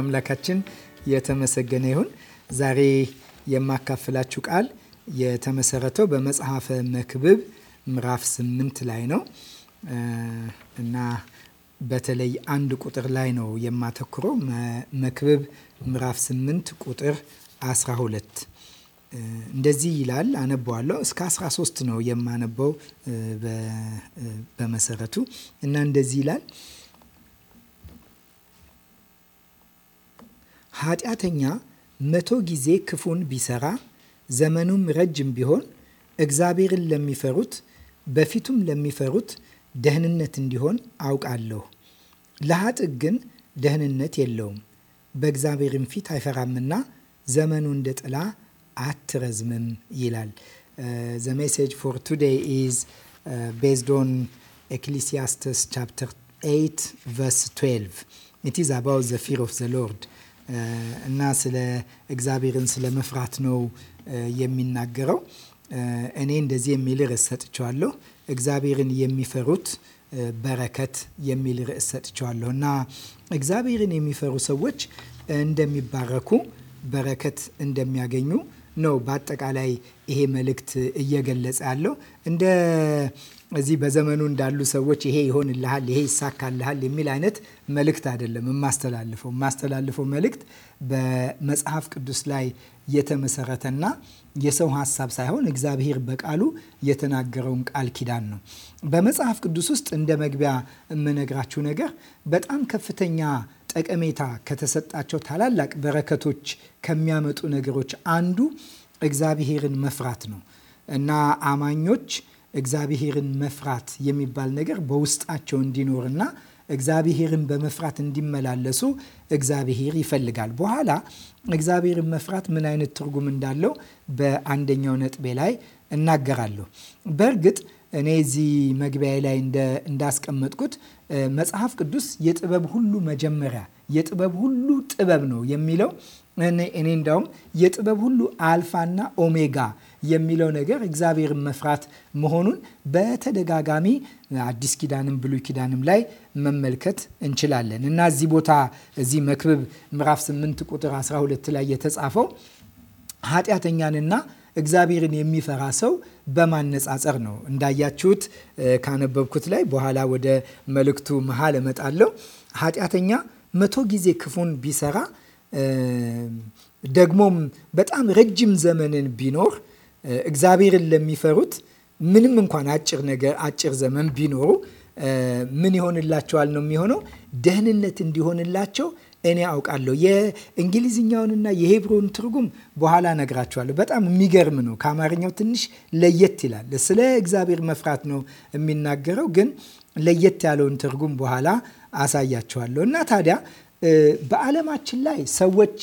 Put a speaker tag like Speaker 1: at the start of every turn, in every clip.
Speaker 1: አምላካችን የተመሰገነ ይሁን። ዛሬ የማካፍላችሁ ቃል የተመሰረተው በመጽሐፈ መክብብ ምዕራፍ ስምንት ላይ ነው እና በተለይ አንድ ቁጥር ላይ ነው የማተኩረው። መክብብ ምዕራፍ ስምንት ቁጥር 12 እንደዚህ ይላል። አነበዋለሁ። እስከ 13 ነው የማነበው በመሰረቱ እና እንደዚህ ይላል ኃጢአተኛ መቶ ጊዜ ክፉን ቢሰራ ዘመኑም ረጅም ቢሆን እግዚአብሔርን ለሚፈሩት በፊቱም ለሚፈሩት ደህንነት እንዲሆን አውቃለሁ። ለኃጥእ ግን ደህንነት የለውም፣ በእግዚአብሔርም ፊት አይፈራምና ዘመኑ እንደ ጥላ አትረዝምም ይላል። ዘ ሜሴጅ ፎር ቱዴይ ኢዝ ቤዝድ ኦን ኤክሊሲያስተስ ቻፕተር 8 ቨርስ 12 ኢት ኢዝ አባውት ዘ ፊር ኦፍ ዘ ሎርድ እና ስለ እግዚአብሔርን ስለ መፍራት ነው የሚናገረው። እኔ እንደዚህ የሚል ርዕስ ሰጥቼዋለሁ። እግዚአብሔርን የሚፈሩት በረከት የሚል ርዕስ ሰጥቼዋለሁ እና እግዚአብሔርን የሚፈሩ ሰዎች እንደሚባረኩ በረከት እንደሚያገኙ ነው በአጠቃላይ ይሄ መልእክት እየገለጸ ያለው እንደ እዚህ በዘመኑ እንዳሉ ሰዎች ይሄ ይሆንልሃል፣ ይሄ ይሳካልሃል የሚል አይነት መልእክት አይደለም የማስተላልፈው። የማስተላልፈው መልእክት በመጽሐፍ ቅዱስ ላይ የተመሰረተና የሰው ሀሳብ ሳይሆን እግዚአብሔር በቃሉ የተናገረውን ቃል ኪዳን ነው። በመጽሐፍ ቅዱስ ውስጥ እንደ መግቢያ የምነግራችሁ ነገር በጣም ከፍተኛ ጠቀሜታ ከተሰጣቸው ታላላቅ በረከቶች ከሚያመጡ ነገሮች አንዱ እግዚአብሔርን መፍራት ነው እና አማኞች እግዚአብሔርን መፍራት የሚባል ነገር በውስጣቸው እንዲኖርና እግዚአብሔርን በመፍራት እንዲመላለሱ እግዚአብሔር ይፈልጋል። በኋላ እግዚአብሔርን መፍራት ምን አይነት ትርጉም እንዳለው በአንደኛው ነጥቤ ላይ እናገራለሁ። በእርግጥ እኔ እዚህ መግቢያ ላይ እንዳስቀመጥኩት መጽሐፍ ቅዱስ የጥበብ ሁሉ መጀመሪያ የጥበብ ሁሉ ጥበብ ነው የሚለው እኔ እንዳውም የጥበብ ሁሉ አልፋና ኦሜጋ የሚለው ነገር እግዚአብሔርን መፍራት መሆኑን በተደጋጋሚ አዲስ ኪዳንም ብሉይ ኪዳንም ላይ መመልከት እንችላለን እና እዚህ ቦታ እዚህ መክብብ ምዕራፍ 8 ቁጥር 12 ላይ የተጻፈው ኃጢአተኛንና እግዚአብሔርን የሚፈራ ሰው በማነጻጸር ነው። እንዳያችሁት ካነበብኩት ላይ በኋላ ወደ መልእክቱ መሀል እመጣለሁ። ኃጢአተኛ መቶ ጊዜ ክፉን ቢሰራ ደግሞም በጣም ረጅም ዘመንን ቢኖር እግዚአብሔርን ለሚፈሩት ምንም እንኳን አጭር ነገር አጭር ዘመን ቢኖሩ ምን ይሆንላቸዋል ነው የሚሆነው? ደህንነት እንዲሆንላቸው እኔ አውቃለሁ። የእንግሊዝኛውንና የሄብሮን ትርጉም በኋላ ነግራቸዋለሁ። በጣም የሚገርም ነው። ከአማርኛው ትንሽ ለየት ይላል። ስለ እግዚአብሔር መፍራት ነው የሚናገረው፣ ግን ለየት ያለውን ትርጉም በኋላ አሳያቸዋለሁ። እና ታዲያ በዓለማችን ላይ ሰዎች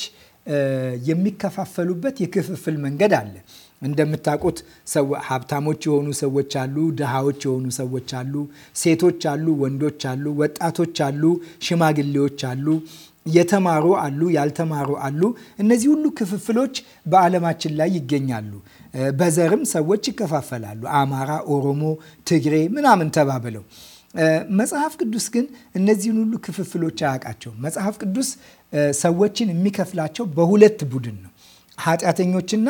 Speaker 1: የሚከፋፈሉበት የክፍፍል መንገድ አለ። እንደምታውቁት ሀብታሞች የሆኑ ሰዎች አሉ፣ ድሃዎች የሆኑ ሰዎች አሉ፣ ሴቶች አሉ፣ ወንዶች አሉ፣ ወጣቶች አሉ፣ ሽማግሌዎች አሉ፣ የተማሩ አሉ፣ ያልተማሩ አሉ። እነዚህ ሁሉ ክፍፍሎች በዓለማችን ላይ ይገኛሉ። በዘርም ሰዎች ይከፋፈላሉ። አማራ፣ ኦሮሞ፣ ትግሬ ምናምን ተባብለው መጽሐፍ ቅዱስ ግን እነዚህን ሁሉ ክፍፍሎች አያውቃቸውም። መጽሐፍ ቅዱስ ሰዎችን የሚከፍላቸው በሁለት ቡድን ነው ኃጢአተኞችና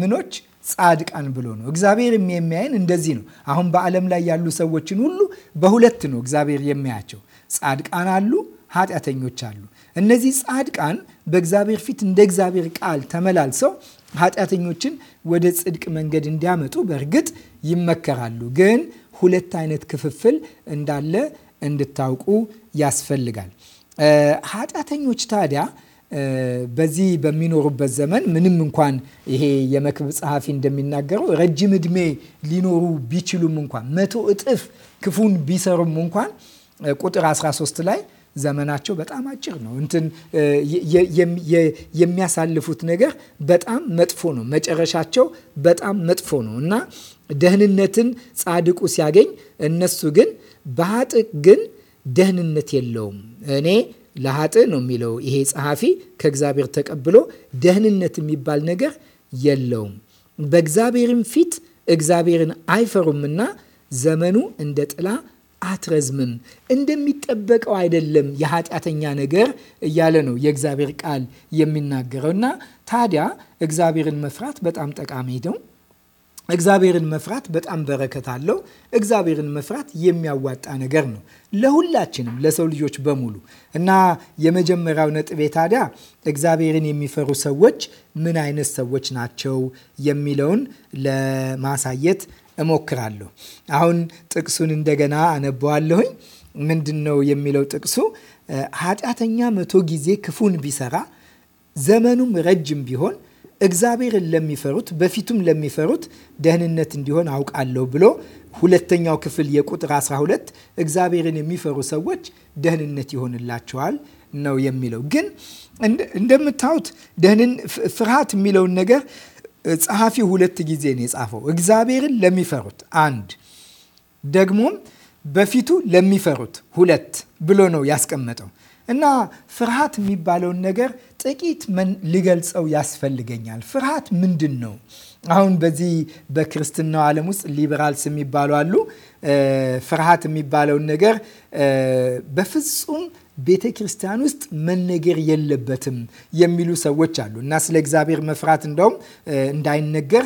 Speaker 1: ምኖች ጻድቃን ብሎ ነው። እግዚአብሔርም የሚያየን እንደዚህ ነው። አሁን በዓለም ላይ ያሉ ሰዎችን ሁሉ በሁለት ነው እግዚአብሔር የሚያያቸው። ጻድቃን አሉ፣ ኃጢአተኞች አሉ። እነዚህ ጻድቃን በእግዚአብሔር ፊት እንደ እግዚአብሔር ቃል ተመላልሰው ኃጢአተኞችን ወደ ጽድቅ መንገድ እንዲያመጡ በእርግጥ ይመከራሉ። ግን ሁለት አይነት ክፍፍል እንዳለ እንድታውቁ ያስፈልጋል። ኃጢአተኞች ታዲያ በዚህ በሚኖሩበት ዘመን ምንም እንኳን ይሄ የመክብብ ጸሐፊ እንደሚናገረው ረጅም እድሜ ሊኖሩ ቢችሉም እንኳን መቶ እጥፍ ክፉን ቢሰሩም እንኳን ቁጥር 13 ላይ ዘመናቸው በጣም አጭር ነው። እንትን የሚያሳልፉት ነገር በጣም መጥፎ ነው። መጨረሻቸው በጣም መጥፎ ነው እና ደህንነትን ጻድቁ ሲያገኝ እነሱ ግን በአጥቅ ግን ደህንነት የለውም። እኔ ለሀጥ ነው የሚለው ይሄ ጸሐፊ ከእግዚአብሔር ተቀብሎ ደህንነት የሚባል ነገር የለውም። በእግዚአብሔርም ፊት እግዚአብሔርን አይፈሩምና ዘመኑ እንደ ጥላ አትረዝምም፣ እንደሚጠበቀው አይደለም የኃጢአተኛ ነገር እያለ ነው የእግዚአብሔር ቃል የሚናገረው። እና ታዲያ እግዚአብሔርን መፍራት በጣም ጠቃሚ ነው። እግዚአብሔርን መፍራት በጣም በረከት አለው። እግዚአብሔርን መፍራት የሚያዋጣ ነገር ነው ለሁላችንም፣ ለሰው ልጆች በሙሉ እና የመጀመሪያው ነጥቤ ታዲያ እግዚአብሔርን የሚፈሩ ሰዎች ምን አይነት ሰዎች ናቸው የሚለውን ለማሳየት እሞክራለሁ። አሁን ጥቅሱን እንደገና አነበዋለሁኝ። ምንድን ነው የሚለው ጥቅሱ? ኃጢአተኛ መቶ ጊዜ ክፉን ቢሰራ ዘመኑም ረጅም ቢሆን እግዚአብሔርን ለሚፈሩት በፊቱም ለሚፈሩት ደህንነት እንዲሆን አውቃለሁ ብሎ ሁለተኛው ክፍል የቁጥር 12 እግዚአብሔርን የሚፈሩ ሰዎች ደህንነት ይሆንላቸዋል ነው የሚለው። ግን እንደምታዩት ፍርሃት የሚለውን ነገር ጸሐፊ ሁለት ጊዜ ነው የጻፈው። እግዚአብሔርን ለሚፈሩት አንድ፣ ደግሞም በፊቱ ለሚፈሩት ሁለት ብሎ ነው ያስቀመጠው። እና ፍርሃት የሚባለውን ነገር ጥቂት ልገልጸው ያስፈልገኛል። ፍርሃት ምንድን ነው? አሁን በዚህ በክርስትናው ዓለም ውስጥ ሊበራልስ የሚባሉ አሉ። ፍርሃት የሚባለውን ነገር በፍጹም ቤተ ክርስቲያን ውስጥ መነገር የለበትም የሚሉ ሰዎች አሉ እና ስለ እግዚአብሔር መፍራት እንደውም እንዳይነገር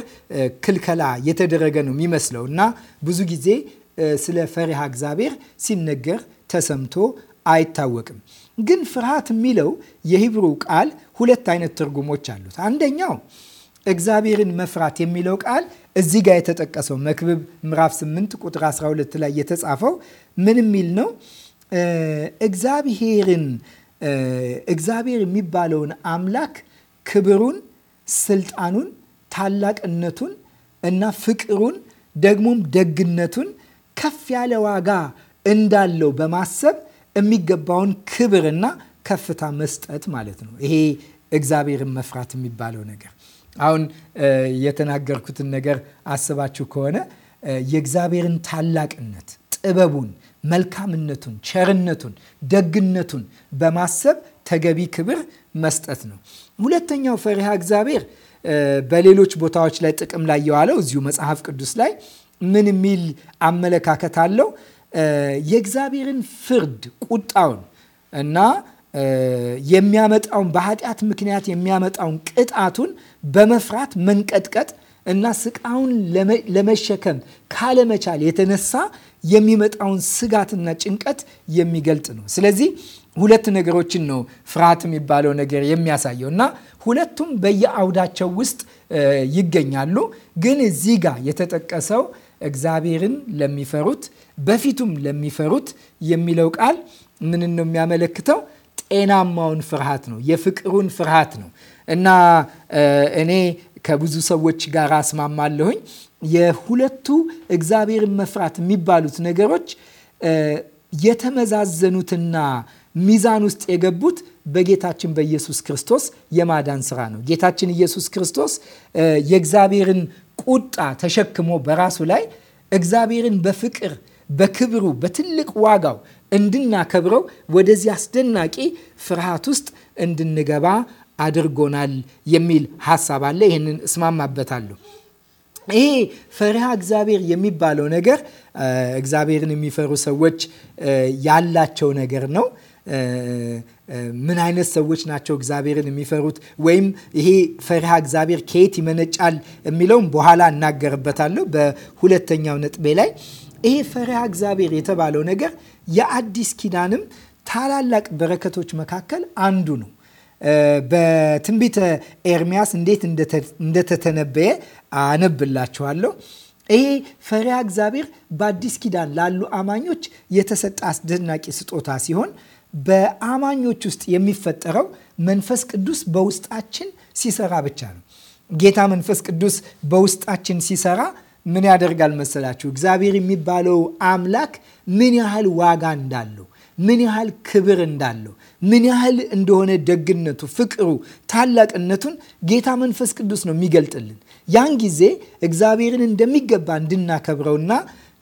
Speaker 1: ክልከላ የተደረገ ነው የሚመስለው እና ብዙ ጊዜ ስለ ፈሪሃ እግዚአብሔር ሲነገር ተሰምቶ አይታወቅም። ግን ፍርሃት የሚለው የሂብሩ ቃል ሁለት አይነት ትርጉሞች አሉት። አንደኛው እግዚአብሔርን መፍራት የሚለው ቃል እዚህ ጋር የተጠቀሰው መክብብ ምዕራፍ 8 ቁጥር 12 ላይ የተጻፈው ምን የሚል ነው? እግዚአብሔርን እግዚአብሔር የሚባለውን አምላክ ክብሩን፣ ስልጣኑን፣ ታላቅነቱን እና ፍቅሩን ደግሞም ደግነቱን ከፍ ያለ ዋጋ እንዳለው በማሰብ የሚገባውን ክብርና ከፍታ መስጠት ማለት ነው። ይሄ እግዚአብሔርን መፍራት የሚባለው ነገር አሁን የተናገርኩትን ነገር አስባችሁ ከሆነ የእግዚአብሔርን ታላቅነት፣ ጥበቡን፣ መልካምነቱን፣ ቸርነቱን፣ ደግነቱን በማሰብ ተገቢ ክብር መስጠት ነው። ሁለተኛው ፈሪሃ እግዚአብሔር በሌሎች ቦታዎች ላይ ጥቅም ላይ የዋለው እዚሁ መጽሐፍ ቅዱስ ላይ ምን የሚል አመለካከት አለው? የእግዚአብሔርን ፍርድ ቁጣውን እና የሚያመጣውን በኃጢአት ምክንያት የሚያመጣውን ቅጣቱን በመፍራት መንቀጥቀጥ እና ስቃውን ለመሸከም ካለመቻል የተነሳ የሚመጣውን ስጋትና ጭንቀት የሚገልጥ ነው። ስለዚህ ሁለት ነገሮችን ነው ፍርሃት የሚባለው ነገር የሚያሳየው እና ሁለቱም በየአውዳቸው ውስጥ ይገኛሉ። ግን እዚህ ጋር የተጠቀሰው እግዚአብሔርን ለሚፈሩት በፊቱም ለሚፈሩት የሚለው ቃል ምን ነው የሚያመለክተው? ጤናማውን ፍርሃት ነው። የፍቅሩን ፍርሃት ነው። እና እኔ ከብዙ ሰዎች ጋር አስማማለሁኝ። የሁለቱ እግዚአብሔርን መፍራት የሚባሉት ነገሮች የተመዛዘኑትና ሚዛን ውስጥ የገቡት በጌታችን በኢየሱስ ክርስቶስ የማዳን ስራ ነው። ጌታችን ኢየሱስ ክርስቶስ የእግዚአብሔርን ቁጣ ተሸክሞ በራሱ ላይ እግዚአብሔርን በፍቅር በክብሩ በትልቅ ዋጋው እንድናከብረው ወደዚህ አስደናቂ ፍርሃት ውስጥ እንድንገባ አድርጎናል የሚል ሀሳብ አለ። ይህንን እስማማበታለሁ። ይሄ ፈሪሃ እግዚአብሔር የሚባለው ነገር እግዚአብሔርን የሚፈሩ ሰዎች ያላቸው ነገር ነው። ምን አይነት ሰዎች ናቸው እግዚአብሔርን የሚፈሩት ወይም ይሄ ፈሪሃ እግዚአብሔር ከየት ይመነጫል የሚለውም በኋላ እናገርበታለሁ በሁለተኛው ነጥቤ ላይ። ይሄ ፈሪሃ እግዚአብሔር የተባለው ነገር የአዲስ ኪዳንም ታላላቅ በረከቶች መካከል አንዱ ነው። በትንቢተ ኤርሚያስ እንዴት እንደተተነበየ አነብላችኋለሁ። ይሄ ፈሪሃ እግዚአብሔር በአዲስ ኪዳን ላሉ አማኞች የተሰጠ አስደናቂ ስጦታ ሲሆን በአማኞች ውስጥ የሚፈጠረው መንፈስ ቅዱስ በውስጣችን ሲሰራ ብቻ ነው። ጌታ መንፈስ ቅዱስ በውስጣችን ሲሰራ ምን ያደርጋል መሰላችሁ? እግዚአብሔር የሚባለው አምላክ ምን ያህል ዋጋ እንዳለው ምን ያህል ክብር እንዳለው ምን ያህል እንደሆነ ደግነቱ፣ ፍቅሩ፣ ታላቅነቱን ጌታ መንፈስ ቅዱስ ነው የሚገልጥልን። ያን ጊዜ እግዚአብሔርን እንደሚገባ እንድናከብረውና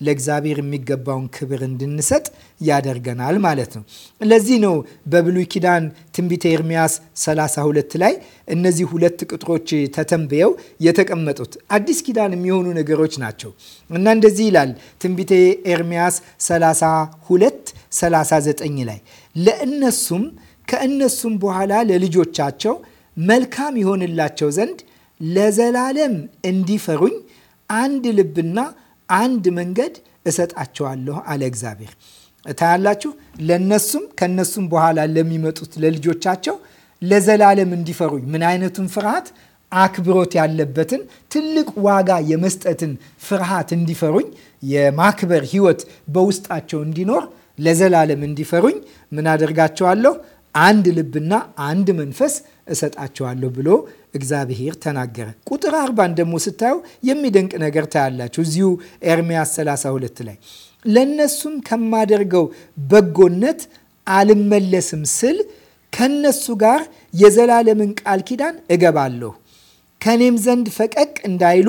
Speaker 1: ለእግዚአብሔር የሚገባውን ክብር እንድንሰጥ ያደርገናል ማለት ነው። ለዚህ ነው በብሉይ ኪዳን ትንቢተ ኤርሚያስ 32 ላይ እነዚህ ሁለት ቁጥሮች ተተንብየው የተቀመጡት አዲስ ኪዳን የሚሆኑ ነገሮች ናቸው እና እንደዚህ ይላል ትንቢተ ኤርሚያስ 32 39 ላይ ለእነሱም ከእነሱም በኋላ ለልጆቻቸው መልካም ይሆንላቸው ዘንድ ለዘላለም እንዲፈሩኝ አንድ ልብና አንድ መንገድ እሰጣቸዋለሁ አለ እግዚአብሔር። ታያላችሁ። ለነሱም ከነሱም በኋላ ለሚመጡት ለልጆቻቸው ለዘላለም እንዲፈሩኝ ምን አይነቱን ፍርሃት አክብሮት ያለበትን ትልቅ ዋጋ የመስጠትን ፍርሃት እንዲፈሩኝ የማክበር ህይወት በውስጣቸው እንዲኖር ለዘላለም እንዲፈሩኝ ምን አደርጋቸዋለሁ? አንድ ልብና አንድ መንፈስ እሰጣቸዋለሁ ብሎ እግዚአብሔር ተናገረ። ቁጥር አርባን ደግሞ ስታዩ የሚደንቅ ነገር ታያላችሁ። እዚሁ ኤርሚያስ 32 ላይ ለእነሱም ከማደርገው በጎነት አልመለስም ስል ከነሱ ጋር የዘላለምን ቃል ኪዳን እገባለሁ ከኔም ዘንድ ፈቀቅ እንዳይሉ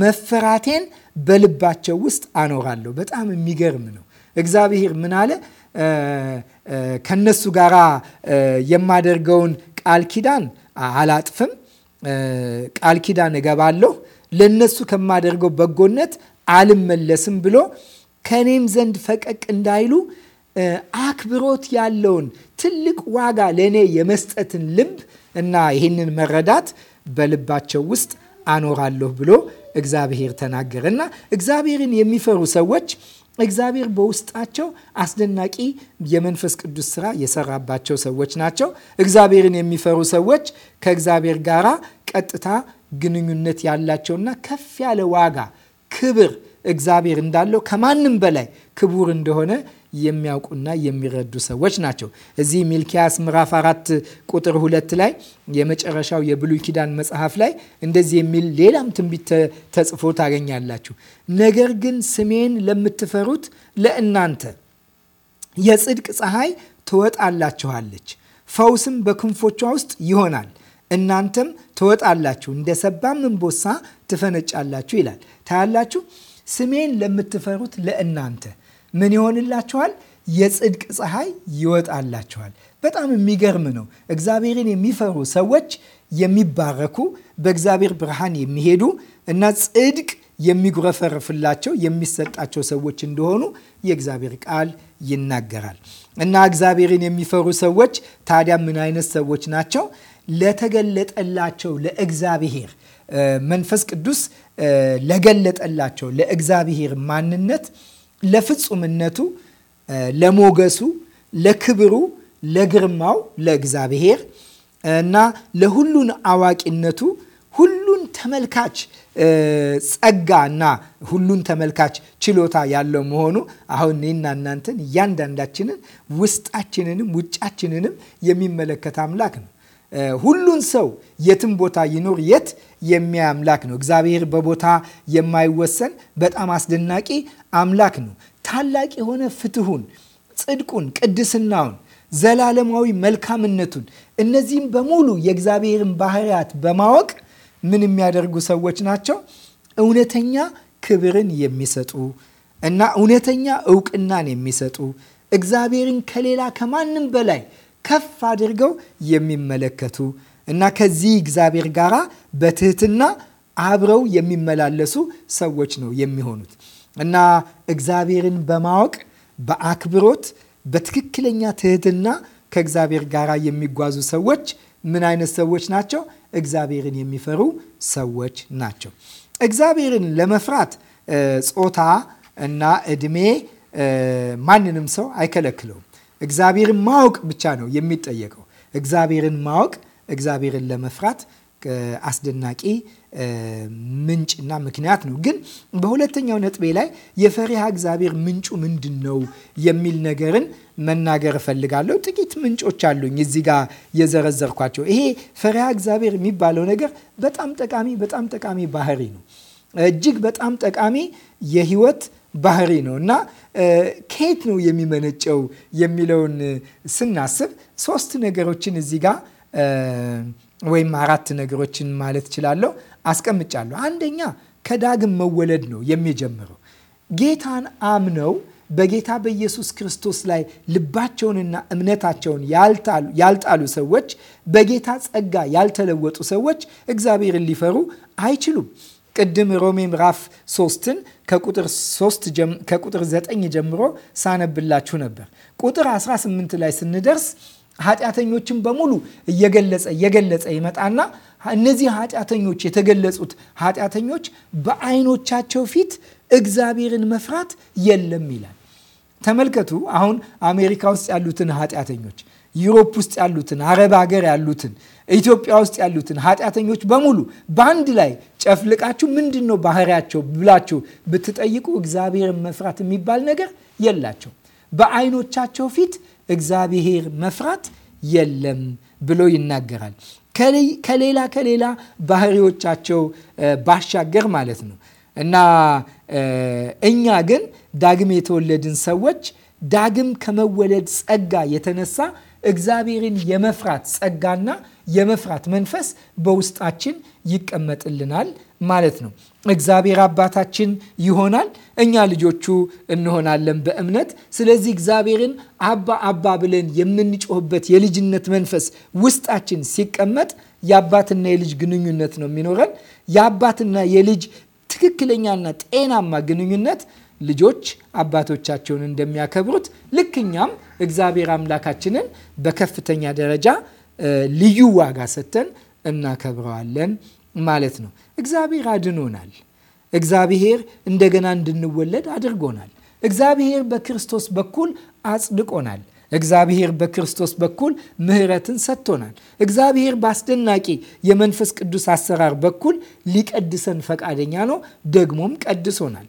Speaker 1: መፈራቴን በልባቸው ውስጥ አኖራለሁ። በጣም የሚገርም ነው። እግዚአብሔር ምን አለ? ከነሱ ጋር የማደርገውን ቃል ኪዳን አላጥፍም፣ ቃል ኪዳን እገባለሁ፣ ለነሱ ከማደርገው በጎነት አልመለስም ብሎ ከእኔም ዘንድ ፈቀቅ እንዳይሉ አክብሮት ያለውን ትልቅ ዋጋ ለእኔ የመስጠትን ልብ እና ይህንን መረዳት በልባቸው ውስጥ አኖራለሁ ብሎ እግዚአብሔር ተናገረ እና እግዚአብሔርን የሚፈሩ ሰዎች እግዚአብሔር በውስጣቸው አስደናቂ የመንፈስ ቅዱስ ስራ የሰራባቸው ሰዎች ናቸው። እግዚአብሔርን የሚፈሩ ሰዎች ከእግዚአብሔር ጋር ቀጥታ ግንኙነት ያላቸውና ከፍ ያለ ዋጋ፣ ክብር እግዚአብሔር እንዳለው ከማንም በላይ ክቡር እንደሆነ የሚያውቁና የሚረዱ ሰዎች ናቸው። እዚህ ሚልኪያስ ምዕራፍ አራት ቁጥር ሁለት ላይ የመጨረሻው የብሉይ ኪዳን መጽሐፍ ላይ እንደዚህ የሚል ሌላም ትንቢት ተጽፎ ታገኛላችሁ። ነገር ግን ስሜን ለምትፈሩት ለእናንተ የጽድቅ ፀሐይ ትወጣላችኋለች፣ ፈውስም በክንፎቿ ውስጥ ይሆናል እናንተም ትወጣላችሁ እንደ ሰባም እምቦሳ ትፈነጫላችሁ ይላል። ታያላችሁ። ስሜን ለምትፈሩት ለእናንተ ምን ይሆንላችኋል? የጽድቅ ፀሐይ ይወጣላችኋል። በጣም የሚገርም ነው። እግዚአብሔርን የሚፈሩ ሰዎች የሚባረኩ፣ በእግዚአብሔር ብርሃን የሚሄዱ እና ጽድቅ የሚጉረፈርፍላቸው የሚሰጣቸው ሰዎች እንደሆኑ የእግዚአብሔር ቃል ይናገራል። እና እግዚአብሔርን የሚፈሩ ሰዎች ታዲያ ምን አይነት ሰዎች ናቸው? ለተገለጠላቸው ለእግዚአብሔር መንፈስ ቅዱስ ለገለጠላቸው ለእግዚአብሔር ማንነት ለፍጹምነቱ፣ ለሞገሱ፣ ለክብሩ፣ ለግርማው ለእግዚአብሔር እና ለሁሉን አዋቂነቱ ሁሉን ተመልካች ጸጋ እና ሁሉን ተመልካች ችሎታ ያለው መሆኑ አሁን እኔና እናንተን እያንዳንዳችንን ውስጣችንንም ውጫችንንም የሚመለከት አምላክ ነው። ሁሉን ሰው የትም ቦታ ይኖር የት የሚያይ አምላክ ነው። እግዚአብሔር በቦታ የማይወሰን በጣም አስደናቂ አምላክ ነው። ታላቅ የሆነ ፍትሁን፣ ጽድቁን፣ ቅድስናውን፣ ዘላለማዊ መልካምነቱን እነዚህም በሙሉ የእግዚአብሔርን ባህሪያት በማወቅ ምን የሚያደርጉ ሰዎች ናቸው? እውነተኛ ክብርን የሚሰጡ እና እውነተኛ እውቅናን የሚሰጡ እግዚአብሔርን ከሌላ ከማንም በላይ ከፍ አድርገው የሚመለከቱ እና ከዚህ እግዚአብሔር ጋር በትህትና አብረው የሚመላለሱ ሰዎች ነው የሚሆኑት እና እግዚአብሔርን በማወቅ በአክብሮት በትክክለኛ ትህትና ከእግዚአብሔር ጋር የሚጓዙ ሰዎች ምን አይነት ሰዎች ናቸው? እግዚአብሔርን የሚፈሩ ሰዎች ናቸው። እግዚአብሔርን ለመፍራት ጾታ እና እድሜ ማንንም ሰው አይከለክለውም። እግዚአብሔርን ማወቅ ብቻ ነው የሚጠየቀው። እግዚአብሔርን ማወቅ እግዚአብሔርን ለመፍራት አስደናቂ ምንጭና ምክንያት ነው። ግን በሁለተኛው ነጥቤ ላይ የፈሪሃ እግዚአብሔር ምንጩ ምንድን ነው የሚል ነገርን መናገር እፈልጋለሁ። ጥቂት ምንጮች አሉኝ እዚህ ጋር የዘረዘርኳቸው። ይሄ ፈሪሃ እግዚአብሔር የሚባለው ነገር በጣም ጠቃሚ በጣም ጠቃሚ ባህሪ ነው። እጅግ በጣም ጠቃሚ የህይወት ባህሪ ነው እና ከየት ነው የሚመነጨው የሚለውን ስናስብ ሶስት ነገሮችን እዚህ ጋር ወይም አራት ነገሮችን ማለት እችላለሁ አስቀምጫለሁ። አንደኛ ከዳግም መወለድ ነው የሚጀምረው። ጌታን አምነው በጌታ በኢየሱስ ክርስቶስ ላይ ልባቸውንና እምነታቸውን ያልጣሉ ሰዎች፣ በጌታ ጸጋ ያልተለወጡ ሰዎች እግዚአብሔርን ሊፈሩ አይችሉም። ቅድም ሮሜ ምዕራፍ ሶስትን ከቁጥር ዘጠኝ ጀምሮ ሳነብላችሁ ነበር። ቁጥር 18 ላይ ስንደርስ ኃጢአተኞችን በሙሉ እየገለጸ እየገለጸ ይመጣና እነዚህ ኃጢአተኞች የተገለጹት ኃጢአተኞች በአይኖቻቸው ፊት እግዚአብሔርን መፍራት የለም ይላል። ተመልከቱ። አሁን አሜሪካ ውስጥ ያሉትን ኃጢአተኞች፣ ዩሮፕ ውስጥ ያሉትን፣ አረብ ሀገር ያሉትን፣ ኢትዮጵያ ውስጥ ያሉትን ኃጢአተኞች በሙሉ በአንድ ላይ ጨፍልቃችሁ ምንድን ነው ባህሪያቸው ብላችሁ ብትጠይቁ እግዚአብሔርን መፍራት የሚባል ነገር የላቸው በአይኖቻቸው ፊት እግዚአብሔር መፍራት የለም ብሎ ይናገራል። ከሌላ ከሌላ ባህሪዎቻቸው ባሻገር ማለት ነው እና እኛ ግን ዳግም የተወለድን ሰዎች ዳግም ከመወለድ ጸጋ የተነሳ እግዚአብሔርን የመፍራት ጸጋና የመፍራት መንፈስ በውስጣችን ይቀመጥልናል ማለት ነው። እግዚአብሔር አባታችን ይሆናል፣ እኛ ልጆቹ እንሆናለን በእምነት። ስለዚህ እግዚአብሔርን አባ አባ ብለን የምንጮህበት የልጅነት መንፈስ ውስጣችን ሲቀመጥ የአባትና የልጅ ግንኙነት ነው የሚኖረን። የአባትና የልጅ ትክክለኛና ጤናማ ግንኙነት ልጆች አባቶቻቸውን እንደሚያከብሩት ልክ እኛም እግዚአብሔር አምላካችንን በከፍተኛ ደረጃ ልዩ ዋጋ ሰጥተን እናከብረዋለን ማለት ነው። እግዚአብሔር አድኖናል። እግዚአብሔር እንደገና እንድንወለድ አድርጎናል። እግዚአብሔር በክርስቶስ በኩል አጽድቆናል። እግዚአብሔር በክርስቶስ በኩል ምሕረትን ሰጥቶናል። እግዚአብሔር በአስደናቂ የመንፈስ ቅዱስ አሰራር በኩል ሊቀድሰን ፈቃደኛ ነው፣ ደግሞም ቀድሶናል።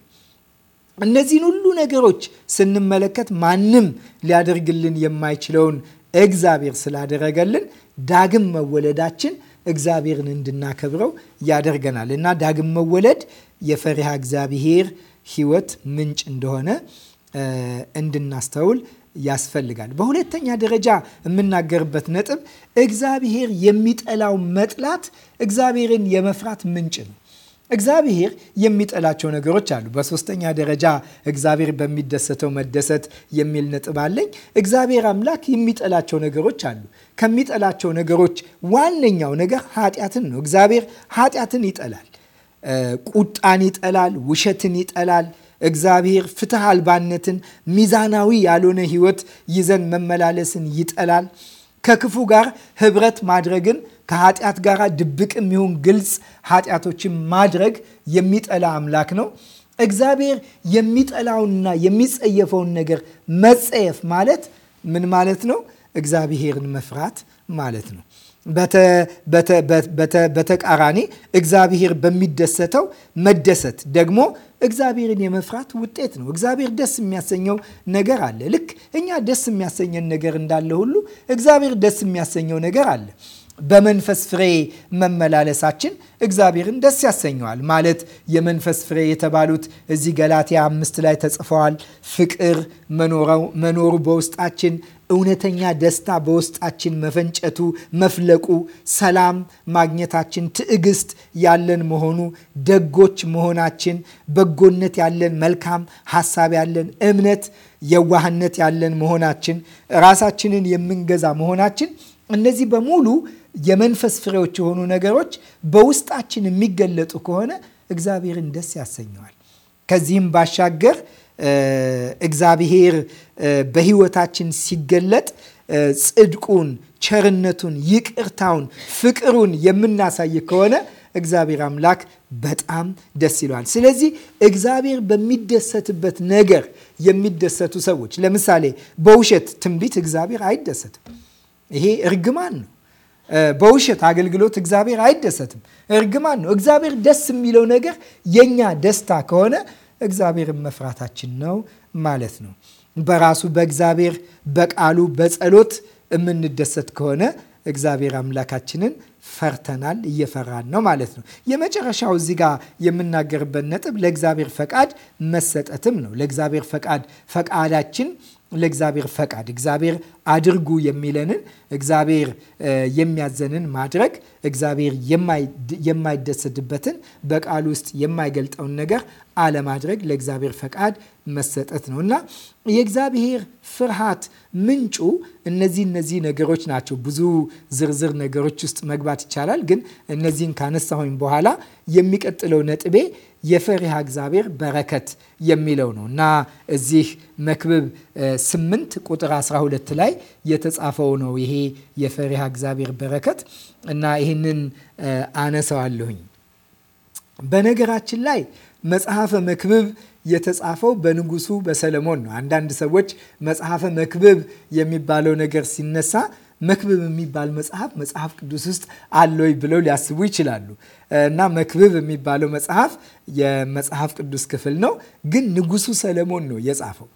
Speaker 1: እነዚህን ሁሉ ነገሮች ስንመለከት ማንም ሊያደርግልን የማይችለውን እግዚአብሔር ስላደረገልን ዳግም መወለዳችን እግዚአብሔርን እንድናከብረው ያደርገናል እና ዳግም መወለድ የፈሪሃ እግዚአብሔር ሕይወት ምንጭ እንደሆነ እንድናስተውል ያስፈልጋል። በሁለተኛ ደረጃ የምናገርበት ነጥብ እግዚአብሔር የሚጠላው መጥላት እግዚአብሔርን የመፍራት ምንጭ ነው። እግዚአብሔር የሚጠላቸው ነገሮች አሉ። በሶስተኛ ደረጃ እግዚአብሔር በሚደሰተው መደሰት የሚል ነጥብ አለኝ። እግዚአብሔር አምላክ የሚጠላቸው ነገሮች አሉ። ከሚጠላቸው ነገሮች ዋነኛው ነገር ኃጢአትን ነው። እግዚአብሔር ኃጢአትን ይጠላል። ቁጣን ይጠላል። ውሸትን ይጠላል። እግዚአብሔር ፍትህ አልባነትን፣ ሚዛናዊ ያልሆነ ህይወት ይዘን መመላለስን ይጠላል። ከክፉ ጋር ህብረት ማድረግን ከኃጢአት ጋር ድብቅ የሚሆን ግልጽ ኃጢአቶችን ማድረግ የሚጠላ አምላክ ነው። እግዚአብሔር የሚጠላውንና የሚጸየፈውን ነገር መጸየፍ ማለት ምን ማለት ነው? እግዚአብሔርን መፍራት ማለት ነው። በተቃራኒ እግዚአብሔር በሚደሰተው መደሰት ደግሞ እግዚአብሔርን የመፍራት ውጤት ነው። እግዚአብሔር ደስ የሚያሰኘው ነገር አለ። ልክ እኛ ደስ የሚያሰኘን ነገር እንዳለ ሁሉ እግዚአብሔር ደስ የሚያሰኘው ነገር አለ። በመንፈስ ፍሬ መመላለሳችን እግዚአብሔርን ደስ ያሰኘዋል። ማለት የመንፈስ ፍሬ የተባሉት እዚህ ገላትያ አምስት ላይ ተጽፈዋል። ፍቅር መኖሩ በውስጣችን፣ እውነተኛ ደስታ በውስጣችን መፈንጨቱ፣ መፍለቁ፣ ሰላም ማግኘታችን፣ ትዕግስት ያለን መሆኑ፣ ደጎች መሆናችን፣ በጎነት ያለን፣ መልካም ሀሳብ ያለን፣ እምነት፣ የዋህነት ያለን መሆናችን፣ ራሳችንን የምንገዛ መሆናችን፣ እነዚህ በሙሉ የመንፈስ ፍሬዎች የሆኑ ነገሮች በውስጣችን የሚገለጡ ከሆነ እግዚአብሔርን ደስ ያሰኘዋል። ከዚህም ባሻገር እግዚአብሔር በህይወታችን ሲገለጥ ጽድቁን፣ ቸርነቱን፣ ይቅርታውን፣ ፍቅሩን የምናሳይ ከሆነ እግዚአብሔር አምላክ በጣም ደስ ይለዋል። ስለዚህ እግዚአብሔር በሚደሰትበት ነገር የሚደሰቱ ሰዎች ለምሳሌ በውሸት ትንቢት እግዚአብሔር አይደሰትም። ይሄ እርግማን ነው። በውሸት አገልግሎት እግዚአብሔር አይደሰትም፣ እርግማን ነው። እግዚአብሔር ደስ የሚለው ነገር የኛ ደስታ ከሆነ እግዚአብሔርን መፍራታችን ነው ማለት ነው። በራሱ በእግዚአብሔር በቃሉ በጸሎት የምንደሰት ከሆነ እግዚአብሔር አምላካችንን ፈርተናል፣ እየፈራን ነው ማለት ነው። የመጨረሻው እዚህ ጋር የምናገርበት ነጥብ ለእግዚአብሔር ፈቃድ መሰጠትም ነው። ለእግዚአብሔር ፈቃድ ፈቃዳችን ለእግዚአብሔር ፈቃድ እግዚአብሔር አድርጉ የሚለንን እግዚአብሔር የሚያዘንን ማድረግ እግዚአብሔር የማይደሰድበትን በቃል ውስጥ የማይገልጠውን ነገር አለማድረግ ለእግዚአብሔር ፈቃድ መሰጠት ነው እና የእግዚአብሔር ፍርሃት ምንጩ እነዚህ እነዚህ ነገሮች ናቸው። ብዙ ዝርዝር ነገሮች ውስጥ መግባት ይቻላል፣ ግን እነዚህን ካነሳሁኝ በኋላ የሚቀጥለው ነጥቤ የፈሪሃ እግዚአብሔር በረከት የሚለው ነው እና እዚህ መክብብ 8 ቁጥር 12 ላይ የተጻፈው ነው ይሄ የፈሪሃ እግዚአብሔር በረከት እና ይህንን አነሳዋለሁኝ። በነገራችን ላይ መጽሐፈ መክብብ የተጻፈው በንጉሱ በሰለሞን ነው። አንዳንድ ሰዎች መጽሐፈ መክብብ የሚባለው ነገር ሲነሳ መክብብ የሚባል መጽሐፍ መጽሐፍ ቅዱስ ውስጥ አለይ ብለው ሊያስቡ ይችላሉ። እና መክብብ የሚባለው መጽሐፍ የመጽሐፍ ቅዱስ ክፍል ነው፣ ግን ንጉሱ ሰለሞን ነው የጻፈው።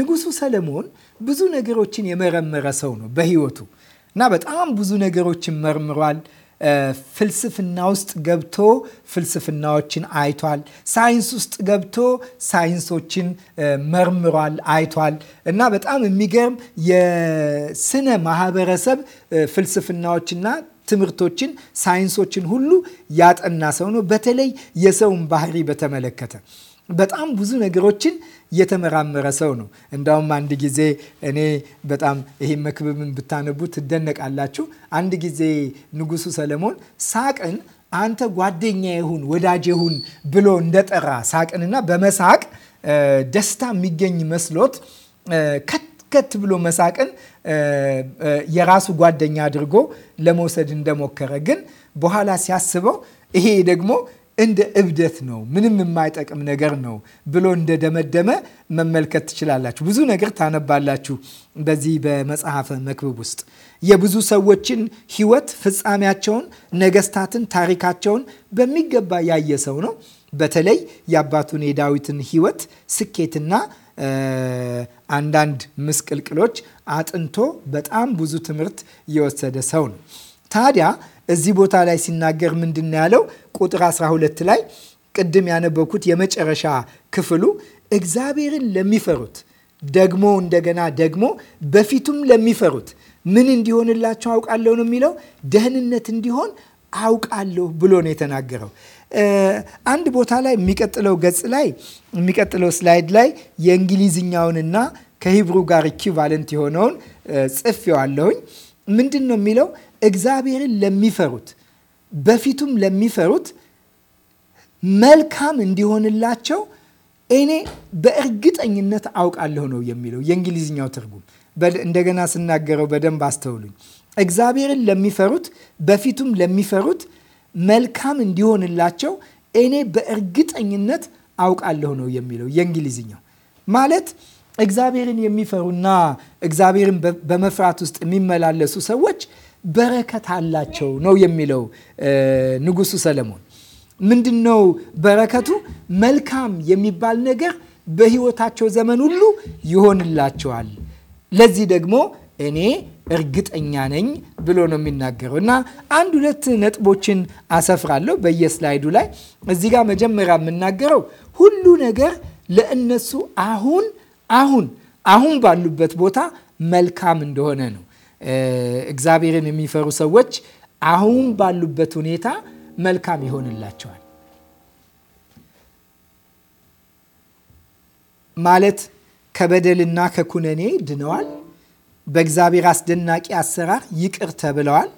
Speaker 1: ንጉሱ ሰለሞን ብዙ ነገሮችን የመረመረ ሰው ነው በህይወቱ እና በጣም ብዙ ነገሮችን መርምሯል። ፍልስፍና ውስጥ ገብቶ ፍልስፍናዎችን አይቷል። ሳይንስ ውስጥ ገብቶ ሳይንሶችን መርምሯል፣ አይቷል እና በጣም የሚገርም የስነ ማህበረሰብ ፍልስፍናዎችና ትምህርቶችን ሳይንሶችን ሁሉ ያጠና ሰው ነው። በተለይ የሰውን ባህሪ በተመለከተ በጣም ብዙ ነገሮችን የተመራመረ ሰው ነው። እንዳውም አንድ ጊዜ እኔ በጣም ይሄ መክብብን ብታነቡ ትደነቃላችሁ። አንድ ጊዜ ንጉሱ ሰለሞን ሳቅን አንተ ጓደኛ ይሁን ወዳጅ ይሁን ብሎ እንደጠራ ሳቅንና በመሳቅ ደስታ የሚገኝ መስሎት ከት ብሎ መሳቅን የራሱ ጓደኛ አድርጎ ለመውሰድ እንደሞከረ ግን በኋላ ሲያስበው ይሄ ደግሞ እንደ እብደት ነው፣ ምንም የማይጠቅም ነገር ነው ብሎ እንደደመደመ መመልከት ትችላላችሁ። ብዙ ነገር ታነባላችሁ በዚህ በመጽሐፈ መክብብ ውስጥ የብዙ ሰዎችን ሕይወት ፍጻሜያቸውን፣ ነገስታትን፣ ታሪካቸውን በሚገባ ያየ ሰው ነው። በተለይ የአባቱን የዳዊትን ሕይወት ስኬትና አንዳንድ ምስቅልቅሎች አጥንቶ በጣም ብዙ ትምህርት የወሰደ ሰው ነው ታዲያ እዚህ ቦታ ላይ ሲናገር ምንድን ያለው ቁጥር 12 ላይ ቅድም ያነበኩት የመጨረሻ ክፍሉ እግዚአብሔርን ለሚፈሩት ደግሞ እንደገና ደግሞ በፊቱም ለሚፈሩት ምን እንዲሆንላቸው አውቃለሁ ነው የሚለው ደህንነት እንዲሆን አውቃለሁ ብሎ ነው የተናገረው። አንድ ቦታ ላይ የሚቀጥለው ገጽ ላይ የሚቀጥለው ስላይድ ላይ የእንግሊዝኛውንና ከሂብሩ ጋር ኢኪቫለንት የሆነውን ጽፌዋለሁኝ። ምንድን ነው የሚለው እግዚአብሔርን ለሚፈሩት በፊቱም ለሚፈሩት መልካም እንዲሆንላቸው እኔ በእርግጠኝነት አውቃለሁ ነው የሚለው የእንግሊዝኛው ትርጉም። እንደገና ስናገረው በደንብ አስተውሉኝ። እግዚአብሔርን ለሚፈሩት በፊቱም ለሚፈሩት መልካም እንዲሆንላቸው እኔ በእርግጠኝነት አውቃለሁ ነው የሚለው የእንግሊዝኛው ማለት እግዚአብሔርን የሚፈሩና እግዚአብሔርን በመፍራት ውስጥ የሚመላለሱ ሰዎች በረከት አላቸው ነው የሚለው ንጉሱ ሰለሞን። ምንድን ነው በረከቱ? መልካም የሚባል ነገር በህይወታቸው ዘመን ሁሉ ይሆንላቸዋል። ለዚህ ደግሞ እኔ እርግጠኛ ነኝ ብሎ ነው የሚናገረው እና አንድ ሁለት ነጥቦችን አሰፍራለሁ በየስላይዱ ላይ። እዚህ ጋር መጀመሪያ የምናገረው ሁሉ ነገር ለእነሱ አሁን አሁን አሁን ባሉበት ቦታ መልካም እንደሆነ ነው። እግዚአብሔርን የሚፈሩ ሰዎች አሁን ባሉበት ሁኔታ መልካም ይሆንላቸዋል። ማለት ከበደልና ከኩነኔ ድነዋል። በእግዚአብሔር አስደናቂ አሰራር ይቅር ተብለዋል።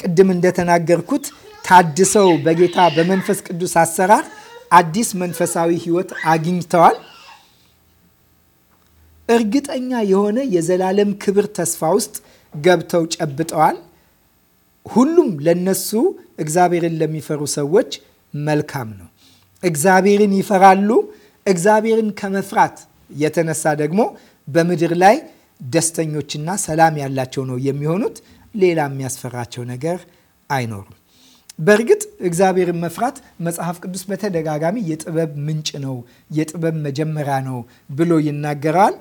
Speaker 1: ቅድም እንደተናገርኩት ታድሰው በጌታ በመንፈስ ቅዱስ አሰራር አዲስ መንፈሳዊ ሕይወት አግኝተዋል። እርግጠኛ የሆነ የዘላለም ክብር ተስፋ ውስጥ ገብተው ጨብጠዋል። ሁሉም ለነሱ እግዚአብሔርን ለሚፈሩ ሰዎች መልካም ነው። እግዚአብሔርን ይፈራሉ። እግዚአብሔርን ከመፍራት የተነሳ ደግሞ በምድር ላይ ደስተኞችና ሰላም ያላቸው ነው የሚሆኑት። ሌላ የሚያስፈራቸው ነገር አይኖርም። በእርግጥ እግዚአብሔርን መፍራት መጽሐፍ ቅዱስ በተደጋጋሚ የጥበብ ምንጭ ነው፣ የጥበብ መጀመሪያ ነው ብሎ ይናገረዋል።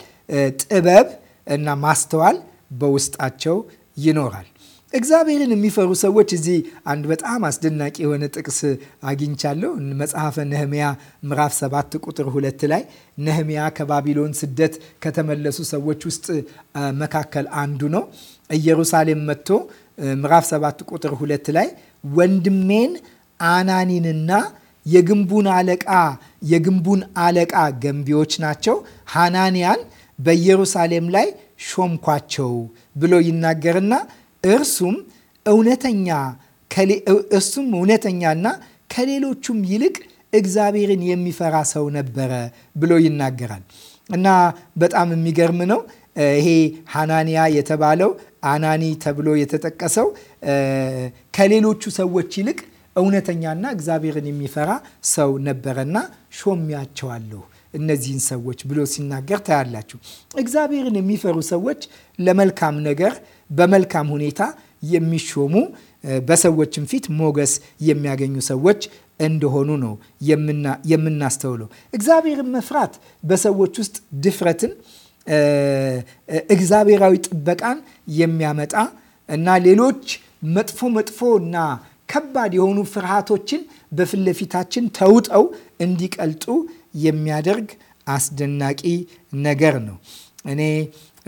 Speaker 1: ጥበብ እና ማስተዋል በውስጣቸው ይኖራል። እግዚአብሔርን የሚፈሩ ሰዎች እዚህ አንድ በጣም አስደናቂ የሆነ ጥቅስ አግኝቻለሁ። መጽሐፈ ነህሚያ ምዕራፍ 7 ቁጥር ሁለት ላይ ነህሚያ ከባቢሎን ስደት ከተመለሱ ሰዎች ውስጥ መካከል አንዱ ነው። ኢየሩሳሌም መጥቶ ምዕራፍ 7 ቁጥር ሁለት ላይ ወንድሜን አናኒንና የግንቡን አለቃ የግንቡን አለቃ ገንቢዎች ናቸው ሃናንያን በኢየሩሳሌም ላይ ሾምኳቸው ብሎ ይናገርና እርሱም እውነተኛ እሱም እውነተኛና ከሌሎቹም ይልቅ እግዚአብሔርን የሚፈራ ሰው ነበረ ብሎ ይናገራል። እና በጣም የሚገርም ነው። ይሄ ሃናንያ የተባለው አናኒ ተብሎ የተጠቀሰው ከሌሎቹ ሰዎች ይልቅ እውነተኛና እግዚአብሔርን የሚፈራ ሰው ነበረና ሾሚያቸዋለሁ እነዚህን ሰዎች ብሎ ሲናገር ታያላችሁ። እግዚአብሔርን የሚፈሩ ሰዎች ለመልካም ነገር በመልካም ሁኔታ የሚሾሙ በሰዎችም ፊት ሞገስ የሚያገኙ ሰዎች እንደሆኑ ነው የምናስተውለው። እግዚአብሔርን መፍራት በሰዎች ውስጥ ድፍረትን፣ እግዚአብሔራዊ ጥበቃን የሚያመጣ እና ሌሎች መጥፎ መጥፎ እና ከባድ የሆኑ ፍርሃቶችን በፊት ለፊታችን ተውጠው እንዲቀልጡ የሚያደርግ አስደናቂ ነገር ነው። እኔ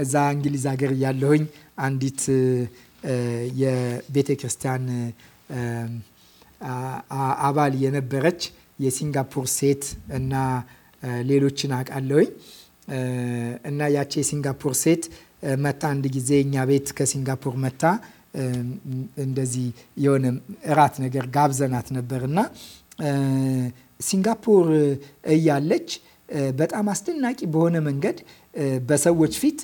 Speaker 1: እዛ እንግሊዝ ሀገር እያለሁኝ አንዲት የቤተ ክርስቲያን አባል የነበረች የሲንጋፖር ሴት እና ሌሎችን አውቃለሁኝ እና ያቺ የሲንጋፖር ሴት መታ አንድ ጊዜ እኛ ቤት ከሲንጋፖር መታ እንደዚህ የሆነ እራት ነገር ጋብዘናት ነበር እና ሲንጋፖር እያለች በጣም አስደናቂ በሆነ መንገድ በሰዎች ፊት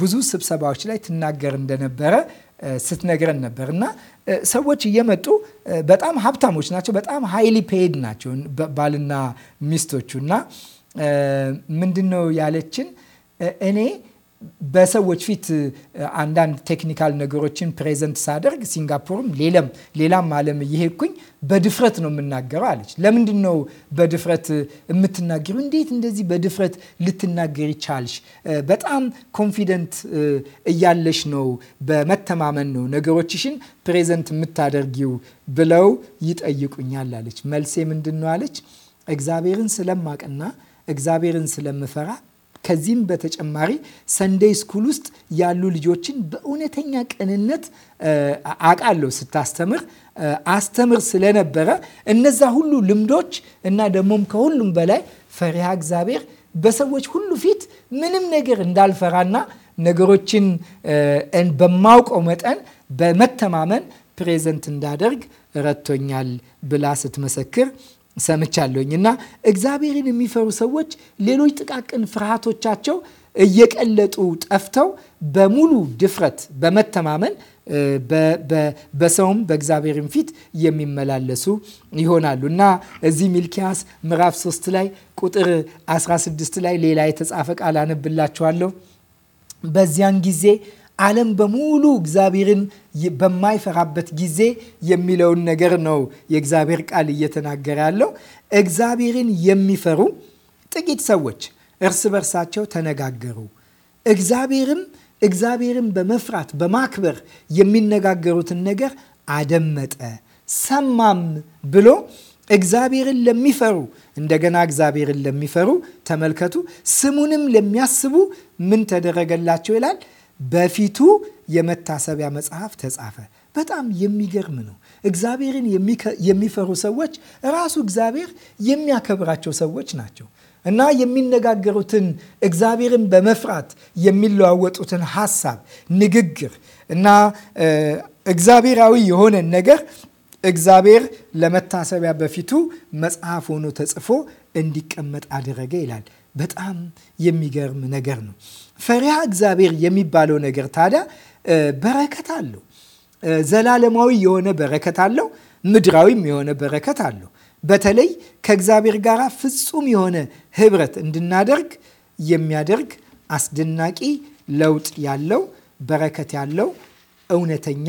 Speaker 1: ብዙ ስብሰባዎች ላይ ትናገር እንደነበረ ስትነግረን ነበር እና ሰዎች እየመጡ በጣም ሀብታሞች ናቸው፣ በጣም ሀይሊ ፔድ ናቸው ባልና ሚስቶቹ እና ምንድን ነው ያለችን እኔ በሰዎች ፊት አንዳንድ ቴክኒካል ነገሮችን ፕሬዘንት ሳደርግ ሲንጋፖርም ሌላም ሌላም ዓለም እየሄድኩኝ በድፍረት ነው የምናገረው አለች። ለምንድን ነው በድፍረት የምትናገሩ? እንዴት እንደዚህ በድፍረት ልትናገር ይቻልሽ? በጣም ኮንፊደንት እያለሽ ነው፣ በመተማመን ነው ነገሮችሽን ፕሬዘንት የምታደርጊው ብለው ይጠይቁኛል አለች። መልሴ ምንድን ነው አለች? እግዚአብሔርን ስለማቅና እግዚአብሔርን ስለምፈራ ከዚህም በተጨማሪ ሰንደይ ስኩል ውስጥ ያሉ ልጆችን በእውነተኛ ቅንነት አቃለው ስታስተምር አስተምር ስለነበረ እነዛ ሁሉ ልምዶች እና ደግሞም ከሁሉም በላይ ፈሪሃ እግዚአብሔር በሰዎች ሁሉ ፊት ምንም ነገር እንዳልፈራና ነገሮችን በማውቀው መጠን በመተማመን ፕሬዘንት እንዳደርግ ረድቶኛል ብላ ስትመሰክር ሰምቻለሁኝ እና እግዚአብሔርን የሚፈሩ ሰዎች ሌሎች ጥቃቅን ፍርሃቶቻቸው እየቀለጡ ጠፍተው በሙሉ ድፍረት በመተማመን በሰውም በእግዚአብሔርም ፊት የሚመላለሱ ይሆናሉ እና እዚህ ሚልኪያስ ምዕራፍ 3 ላይ ቁጥር 16 ላይ ሌላ የተጻፈ ቃል አነብላችኋለሁ። በዚያን ጊዜ ዓለም በሙሉ እግዚአብሔርን በማይፈራበት ጊዜ የሚለውን ነገር ነው የእግዚአብሔር ቃል እየተናገረ ያለው። እግዚአብሔርን የሚፈሩ ጥቂት ሰዎች እርስ በርሳቸው ተነጋገሩ። እግዚአብሔርም እግዚአብሔርን በመፍራት በማክበር የሚነጋገሩትን ነገር አደመጠ ሰማም ብሎ እግዚአብሔርን ለሚፈሩ እንደገና እግዚአብሔርን ለሚፈሩ ተመልከቱ፣ ስሙንም ለሚያስቡ ምን ተደረገላቸው ይላል በፊቱ የመታሰቢያ መጽሐፍ ተጻፈ። በጣም የሚገርም ነው። እግዚአብሔርን የሚፈሩ ሰዎች ራሱ እግዚአብሔር የሚያከብራቸው ሰዎች ናቸው እና የሚነጋገሩትን እግዚአብሔርን በመፍራት የሚለዋወጡትን ሀሳብ፣ ንግግር እና እግዚአብሔራዊ የሆነን ነገር እግዚአብሔር ለመታሰቢያ በፊቱ መጽሐፍ ሆኖ ተጽፎ እንዲቀመጥ አደረገ ይላል። በጣም የሚገርም ነገር ነው። ፈሪሃ እግዚአብሔር የሚባለው ነገር ታዲያ በረከት አለው። ዘላለማዊ የሆነ በረከት አለው። ምድራዊም የሆነ በረከት አለው። በተለይ ከእግዚአብሔር ጋር ፍጹም የሆነ ህብረት እንድናደርግ የሚያደርግ አስደናቂ ለውጥ ያለው በረከት ያለው እውነተኛ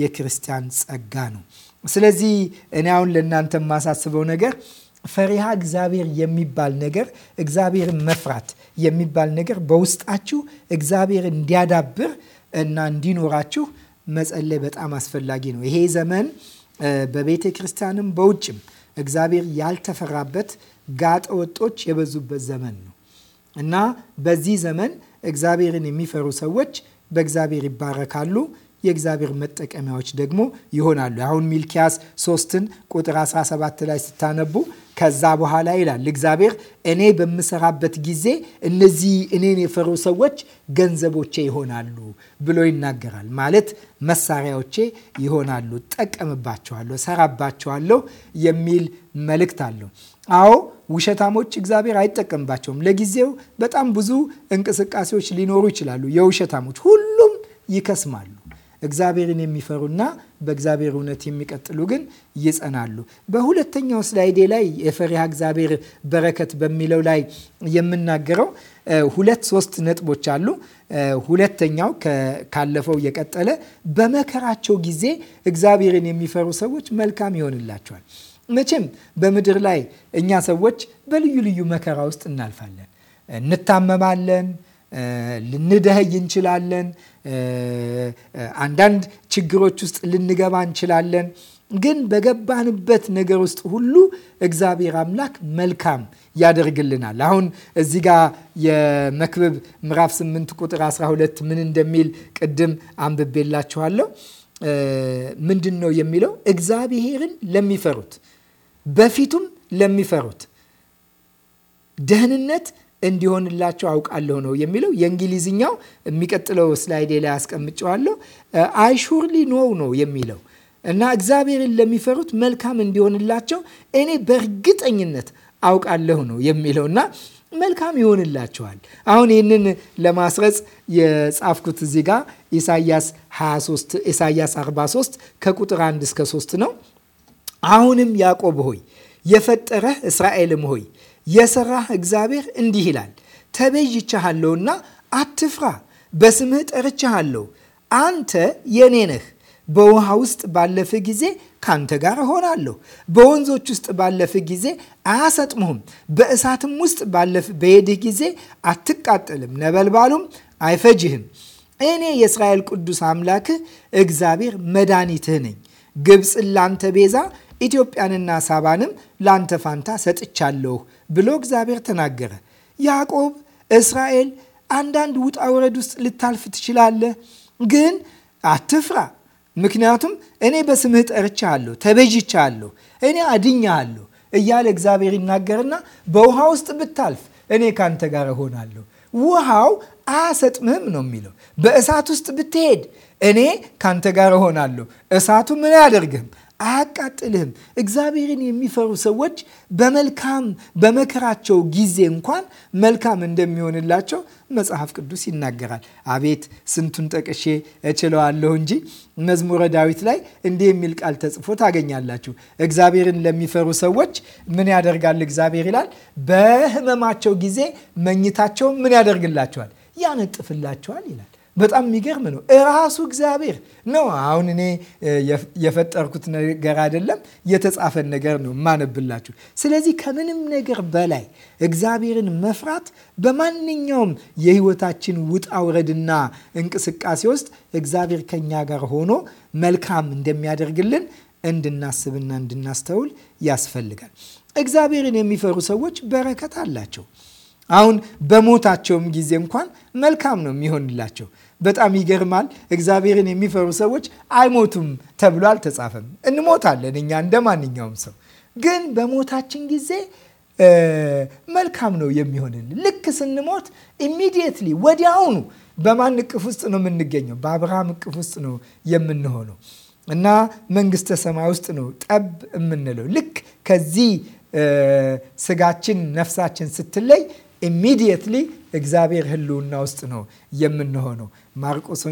Speaker 1: የክርስቲያን ጸጋ ነው። ስለዚህ እኔ አሁን ለእናንተ የማሳስበው ነገር ፈሪሃ እግዚአብሔር የሚባል ነገር እግዚአብሔርን መፍራት የሚባል ነገር በውስጣችሁ እግዚአብሔር እንዲያዳብር እና እንዲኖራችሁ መጸለይ በጣም አስፈላጊ ነው። ይሄ ዘመን በቤተ ክርስቲያንም በውጭም እግዚአብሔር ያልተፈራበት ጋጠ ወጦች የበዙበት ዘመን ነው እና በዚህ ዘመን እግዚአብሔርን የሚፈሩ ሰዎች በእግዚአብሔር ይባረካሉ። የእግዚአብሔር መጠቀሚያዎች ደግሞ ይሆናሉ። አሁን ሚልኪያስ 3 ቁጥር 17 ላይ ስታነቡ ከዛ በኋላ ይላል እግዚአብሔር እኔ በምሰራበት ጊዜ እነዚህ እኔን የፈሩ ሰዎች ገንዘቦቼ ይሆናሉ ብሎ ይናገራል። ማለት መሳሪያዎቼ ይሆናሉ፣ ጠቀምባቸዋለሁ፣ ሰራባቸዋለሁ የሚል መልእክት አለው። አዎ ውሸታሞች እግዚአብሔር አይጠቀምባቸውም። ለጊዜው በጣም ብዙ እንቅስቃሴዎች ሊኖሩ ይችላሉ። የውሸታሞች ሁሉም ይከስማሉ እግዚአብሔርን የሚፈሩና በእግዚአብሔር እውነት የሚቀጥሉ ግን ይጸናሉ። በሁለተኛው ስላይዴ ላይ የፈሪሃ እግዚአብሔር በረከት በሚለው ላይ የምናገረው ሁለት ሶስት ነጥቦች አሉ። ሁለተኛው ካለፈው የቀጠለ በመከራቸው ጊዜ እግዚአብሔርን የሚፈሩ ሰዎች መልካም ይሆንላቸዋል። መቼም በምድር ላይ እኛ ሰዎች በልዩ ልዩ መከራ ውስጥ እናልፋለን። እንታመማለን ልንደህይ እንችላለን። አንዳንድ ችግሮች ውስጥ ልንገባ እንችላለን። ግን በገባንበት ነገር ውስጥ ሁሉ እግዚአብሔር አምላክ መልካም ያደርግልናል። አሁን እዚህ ጋ የመክብብ ምዕራፍ 8 ቁጥር 12 ምን እንደሚል ቅድም አንብቤላችኋለሁ። ምንድን ነው የሚለው? እግዚአብሔርን ለሚፈሩት በፊቱም ለሚፈሩት ደህንነት እንዲሆንላቸው አውቃለሁ ነው የሚለው። የእንግሊዝኛው የሚቀጥለው ስላይዴ ላይ አስቀምጨዋለሁ። አይ ሹርሊ ኖው ነው የሚለው እና እግዚአብሔርን ለሚፈሩት መልካም እንዲሆንላቸው እኔ በእርግጠኝነት አውቃለሁ ነው የሚለው እና መልካም ይሆንላቸዋል። አሁን ይህንን ለማስረጽ የጻፍኩት እዚህ ጋር ኢሳያስ 23 ኢሳያስ 43 ከቁጥር 1 እስከ 3 ነው። አሁንም ያዕቆብ ሆይ የፈጠረህ እስራኤልም ሆይ የሰራህ እግዚአብሔር እንዲህ ይላል፣ ተቤዥቼሃለሁና አትፍራ፣ በስምህ ጠርቻሃለሁ፣ አንተ የኔ ነህ። በውሃ ውስጥ ባለፈ ጊዜ ካንተ ጋር እሆናለሁ፣ በወንዞች ውስጥ ባለፈ ጊዜ አያሰጥሙህም፣ በእሳትም ውስጥ ባለፈ በሄድህ ጊዜ አትቃጠልም፣ ነበልባሉም አይፈጅህም። እኔ የእስራኤል ቅዱስ አምላክህ እግዚአብሔር መድኃኒትህ ነኝ። ግብፅን ላንተ ቤዛ፣ ኢትዮጵያንና ሳባንም ላንተ ፋንታ ሰጥቻለሁ ብሎ እግዚአብሔር ተናገረ። ያዕቆብ እስራኤል አንዳንድ ውጣ ውረድ ውስጥ ልታልፍ ትችላለህ፣ ግን አትፍራ። ምክንያቱም እኔ በስምህ ጠርቻለሁ፣ አለሁ እኔ አድኛለሁ እያለ እግዚአብሔር ይናገርና በውሃ ውስጥ ብታልፍ እኔ ካንተ ጋር እሆናለሁ፣ ውሃው አያሰጥምህም ነው የሚለው። በእሳት ውስጥ ብትሄድ እኔ ካንተ ጋር እሆናለሁ፣ እሳቱ ምን አያደርግህም አያቃጥልህም። እግዚአብሔርን የሚፈሩ ሰዎች በመልካም በመከራቸው ጊዜ እንኳን መልካም እንደሚሆንላቸው መጽሐፍ ቅዱስ ይናገራል። አቤት ስንቱን ጠቅሼ እችለዋለሁ እንጂ መዝሙረ ዳዊት ላይ እንዲህ የሚል ቃል ተጽፎ ታገኛላችሁ። እግዚአብሔርን ለሚፈሩ ሰዎች ምን ያደርጋል እግዚአብሔር ይላል? በሕመማቸው ጊዜ መኝታቸው ምን ያደርግላቸዋል? ያነጥፍላቸዋል ይላል። በጣም የሚገርም ነው። እራሱ እግዚአብሔር ነው። አሁን እኔ የፈጠርኩት ነገር አይደለም፣ የተጻፈን ነገር ነው ማነብላችሁ። ስለዚህ ከምንም ነገር በላይ እግዚአብሔርን መፍራት በማንኛውም የህይወታችን ውጣ ውረድና እንቅስቃሴ ውስጥ እግዚአብሔር ከኛ ጋር ሆኖ መልካም እንደሚያደርግልን እንድናስብና እንድናስተውል ያስፈልጋል። እግዚአብሔርን የሚፈሩ ሰዎች በረከት አላቸው። አሁን በሞታቸውም ጊዜ እንኳን መልካም ነው የሚሆንላቸው። በጣም ይገርማል። እግዚአብሔርን የሚፈሩ ሰዎች አይሞቱም ተብሎ አልተጻፈም። እንሞታለን እኛ እንደ ማንኛውም ሰው፣ ግን በሞታችን ጊዜ መልካም ነው የሚሆንን። ልክ ስንሞት ኢሚዲየትሊ ወዲያውኑ በማን እቅፍ ውስጥ ነው የምንገኘው? በአብርሃም እቅፍ ውስጥ ነው የምንሆነው እና መንግስተ ሰማይ ውስጥ ነው ጠብ የምንለው ልክ ከዚህ ስጋችን ነፍሳችን ስትለይ ኢሚዲየትሊ እግዚአብሔር ህልውና ውስጥ ነው የምንሆነው። ማርቆስ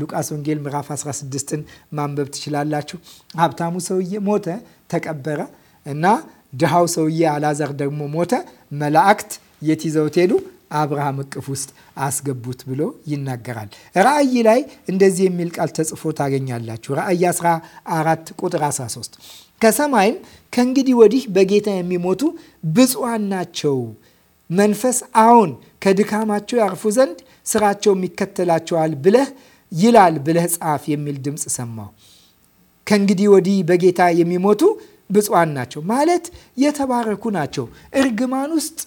Speaker 1: ሉቃስ ወንጌል ምዕራፍ 16ን ማንበብ ትችላላችሁ። ሀብታሙ ሰውዬ ሞተ፣ ተቀበረ እና ድሃው ሰውዬ አላዛር ደግሞ ሞተ። መላእክት የት ይዘውት ሄዱ? አብርሃም እቅፍ ውስጥ አስገቡት ብሎ ይናገራል። ራእይ ላይ እንደዚህ የሚል ቃል ተጽፎ ታገኛላችሁ። ራእይ 14 ቁጥር 13 ከሰማይም ከእንግዲህ ወዲህ በጌታ የሚሞቱ ብፁዓን ናቸው መንፈስ አሁን ከድካማቸው ያርፉ ዘንድ ስራቸውም ይከተላቸዋል ብለህ ይላል ብለህ ጻፍ የሚል ድምፅ ሰማሁ። ከእንግዲህ ወዲህ በጌታ የሚሞቱ ብፁዓን ናቸው ማለት የተባረኩ ናቸው። እርግማን ውስጥ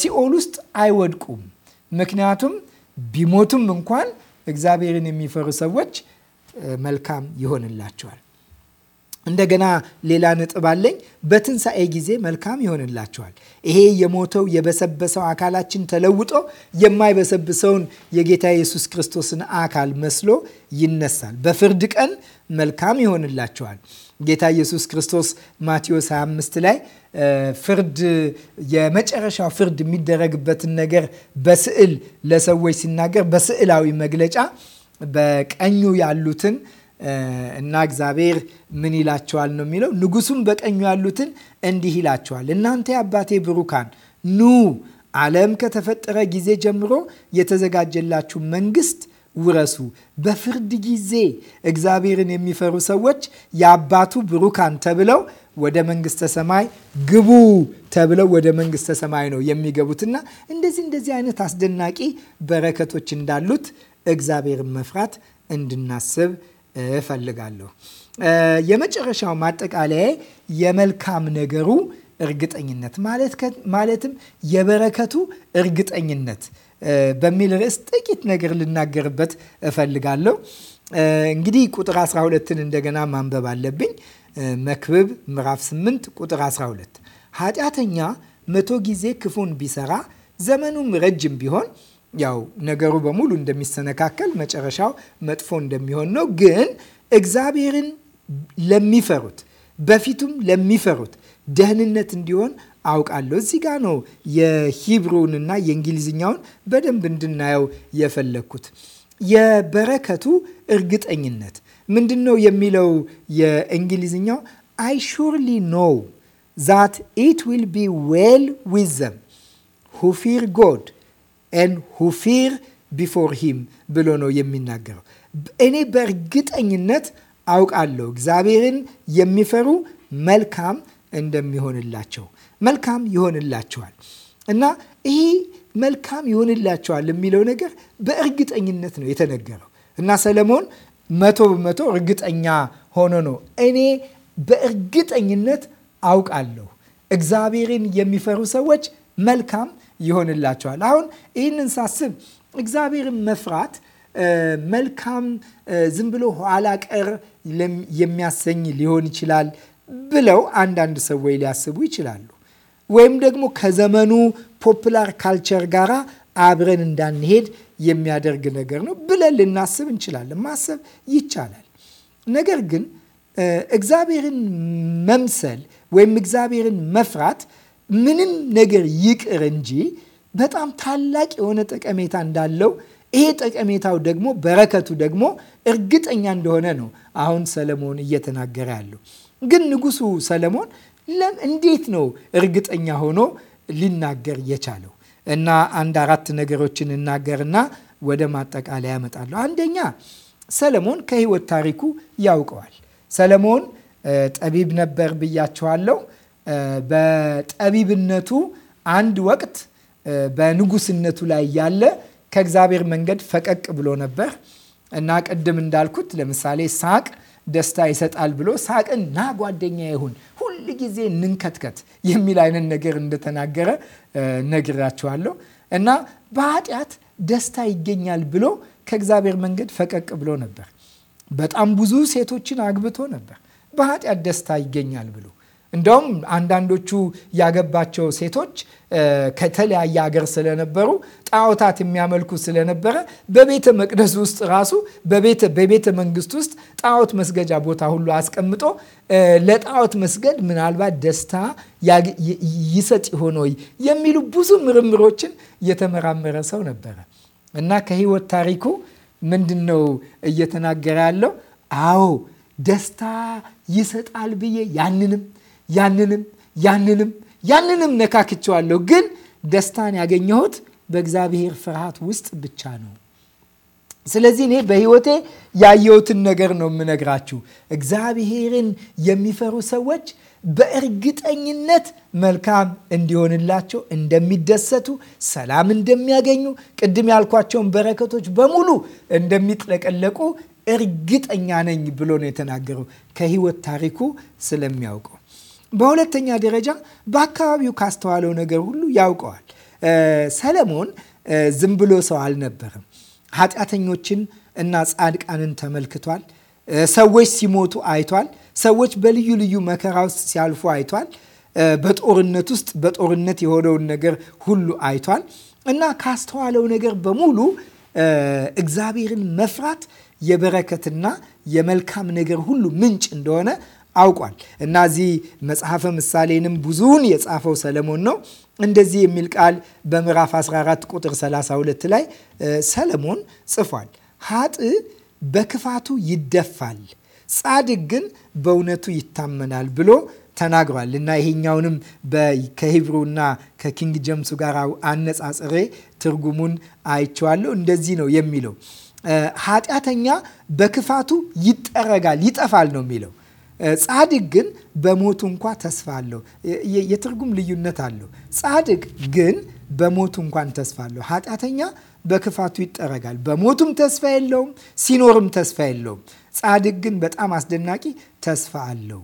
Speaker 1: ሲኦል ውስጥ አይወድቁም። ምክንያቱም ቢሞቱም እንኳን እግዚአብሔርን የሚፈሩ ሰዎች መልካም ይሆንላቸዋል። እንደገና ሌላ ነጥብ አለኝ። በትንሣኤ ጊዜ መልካም ይሆንላችኋል። ይሄ የሞተው የበሰበሰው አካላችን ተለውጦ የማይበሰብሰውን የጌታ ኢየሱስ ክርስቶስን አካል መስሎ ይነሳል። በፍርድ ቀን መልካም ይሆንላችኋል። ጌታ ኢየሱስ ክርስቶስ ማቴዎስ 25 ላይ ፍርድ የመጨረሻው ፍርድ የሚደረግበትን ነገር በስዕል ለሰዎች ሲናገር በስዕላዊ መግለጫ በቀኙ ያሉትን እና እግዚአብሔር ምን ይላቸዋል ነው የሚለው። ንጉሱም በቀኙ ያሉትን እንዲህ ይላቸዋል፣ እናንተ የአባቴ ብሩካን ኑ ዓለም ከተፈጠረ ጊዜ ጀምሮ የተዘጋጀላችሁ መንግስት ውረሱ። በፍርድ ጊዜ እግዚአብሔርን የሚፈሩ ሰዎች የአባቱ ብሩካን ተብለው ወደ መንግስተ ሰማይ ግቡ ተብለው ወደ መንግስተ ሰማይ ነው የሚገቡትና እንደዚህ እንደዚህ አይነት አስደናቂ በረከቶች እንዳሉት እግዚአብሔርን መፍራት እንድናስብ እፈልጋለሁ። የመጨረሻው ማጠቃለያ የመልካም ነገሩ እርግጠኝነት ማለትም የበረከቱ እርግጠኝነት በሚል ርዕስ ጥቂት ነገር ልናገርበት እፈልጋለሁ። እንግዲህ ቁጥር 12ን እንደገና ማንበብ አለብኝ። መክብብ ምዕራፍ 8 ቁጥር 12 ኃጢአተኛ መቶ ጊዜ ክፉን ቢሰራ ዘመኑም ረጅም ቢሆን ያው ነገሩ በሙሉ እንደሚሰነካከል መጨረሻው መጥፎ እንደሚሆን ነው። ግን እግዚአብሔርን ለሚፈሩት በፊቱም ለሚፈሩት ደህንነት እንዲሆን አውቃለሁ። እዚህ ጋ ነው የሂብሩንና የእንግሊዝኛውን በደንብ እንድናየው የፈለግኩት። የበረከቱ እርግጠኝነት ምንድን ነው የሚለው የእንግሊዝኛው አይ ሹርሊ ኖው ዛት ኢት ዊል ቢ ዌል ዊዘም ሁፊር ጎድ ኤን ሁፊር ቢፎር ሂም ብሎ ነው የሚናገረው። እኔ በእርግጠኝነት አውቃለሁ እግዚአብሔርን የሚፈሩ መልካም እንደሚሆንላቸው መልካም ይሆንላቸዋል። እና ይሄ መልካም ይሆንላቸዋል የሚለው ነገር በእርግጠኝነት ነው የተነገረው እና ሰለሞን መቶ በመቶ እርግጠኛ ሆኖ ነው እኔ በእርግጠኝነት አውቃለሁ እግዚአብሔርን የሚፈሩ ሰዎች መልካም ይሆንላቸዋል። አሁን ይህንን ሳስብ እግዚአብሔርን መፍራት መልካም ዝም ብሎ ኋላ ቀር የሚያሰኝ ሊሆን ይችላል ብለው አንዳንድ ሰዎች ሊያስቡ ይችላሉ። ወይም ደግሞ ከዘመኑ ፖፕላር ካልቸር ጋር አብረን እንዳንሄድ የሚያደርግ ነገር ነው ብለን ልናስብ እንችላለን። ማሰብ ይቻላል። ነገር ግን እግዚአብሔርን መምሰል ወይም እግዚአብሔርን መፍራት ምንም ነገር ይቅር እንጂ በጣም ታላቅ የሆነ ጠቀሜታ እንዳለው ይሄ ጠቀሜታው ደግሞ በረከቱ ደግሞ እርግጠኛ እንደሆነ ነው አሁን ሰለሞን እየተናገረ ያለው። ግን ንጉሱ ሰለሞን እንዴት ነው እርግጠኛ ሆኖ ሊናገር የቻለው? እና አንድ አራት ነገሮችን እናገርና ወደ ማጠቃለያ ያመጣለሁ። አንደኛ ሰለሞን ከህይወት ታሪኩ ያውቀዋል። ሰለሞን ጠቢብ ነበር ብያቸዋለሁ። በጠቢብነቱ አንድ ወቅት በንጉስነቱ ላይ ያለ ከእግዚአብሔር መንገድ ፈቀቅ ብሎ ነበር እና ቅድም እንዳልኩት ለምሳሌ ሳቅ ደስታ ይሰጣል ብሎ ሳቅን ና ጓደኛ ይሁን ሁል ጊዜ እንንከትከት የሚል አይነት ነገር እንደተናገረ ነግራችኋለሁ። እና በኃጢአት ደስታ ይገኛል ብሎ ከእግዚአብሔር መንገድ ፈቀቅ ብሎ ነበር። በጣም ብዙ ሴቶችን አግብቶ ነበር በኃጢአት ደስታ ይገኛል ብሎ እንደውም አንዳንዶቹ ያገባቸው ሴቶች ከተለያየ ሀገር ስለነበሩ ጣዖታት የሚያመልኩ ስለነበረ በቤተ መቅደስ ውስጥ ራሱ በቤተ መንግስት ውስጥ ጣዖት መስገጃ ቦታ ሁሉ አስቀምጦ ለጣዖት መስገድ ምናልባት ደስታ ይሰጥ ይሆን ወይ የሚሉ ብዙ ምርምሮችን የተመራመረ ሰው ነበረ እና ከህይወት ታሪኩ ምንድን ነው እየተናገረ ያለው? አዎ ደስታ ይሰጣል ብዬ ያንንም ያንንም ያንንም ያንንም ነካክቸዋለሁ፣ ግን ደስታን ያገኘሁት በእግዚአብሔር ፍርሃት ውስጥ ብቻ ነው። ስለዚህ እኔ በህይወቴ ያየሁትን ነገር ነው የምነግራችሁ። እግዚአብሔርን የሚፈሩ ሰዎች በእርግጠኝነት መልካም እንዲሆንላቸው እንደሚደሰቱ፣ ሰላም እንደሚያገኙ፣ ቅድም ያልኳቸውን በረከቶች በሙሉ እንደሚጥለቀለቁ እርግጠኛ ነኝ ብሎ ነው የተናገረው ከህይወት ታሪኩ ስለሚያውቀው በሁለተኛ ደረጃ በአካባቢው ካስተዋለው ነገር ሁሉ ያውቀዋል። ሰለሞን ዝም ብሎ ሰው አልነበረም። ኃጢአተኞችን እና ጻድቃንን ተመልክቷል። ሰዎች ሲሞቱ አይቷል። ሰዎች በልዩ ልዩ መከራ ውስጥ ሲያልፉ አይቷል። በጦርነት ውስጥ በጦርነት የሆነውን ነገር ሁሉ አይቷል እና ካስተዋለው ነገር በሙሉ እግዚአብሔርን መፍራት የበረከትና የመልካም ነገር ሁሉ ምንጭ እንደሆነ አውቋል እና እዚህ መጽሐፈ ምሳሌንም ብዙውን የጻፈው ሰለሞን ነው። እንደዚህ የሚል ቃል በምዕራፍ 14 ቁጥር 32 ላይ ሰለሞን ጽፏል። ሀጥ በክፋቱ ይደፋል፣ ጻድቅ ግን በእውነቱ ይታመናል ብሎ ተናግሯል እና ይሄኛውንም ከሂብሩና ከኪንግ ጀምሱ ጋር አነጻጽሬ ትርጉሙን አይቼዋለሁ። እንደዚህ ነው የሚለው ኃጢአተኛ በክፋቱ ይጠረጋል፣ ይጠፋል ነው የሚለው ጻድቅ ግን በሞቱ እንኳ ተስፋ አለው። የትርጉም ልዩነት አለው። ጻድቅ ግን በሞቱ እንኳን ተስፋ አለው። ኃጢአተኛ በክፋቱ ይጠረጋል። በሞቱም ተስፋ የለውም፣ ሲኖርም ተስፋ የለውም። ጻድቅ ግን በጣም አስደናቂ ተስፋ አለው።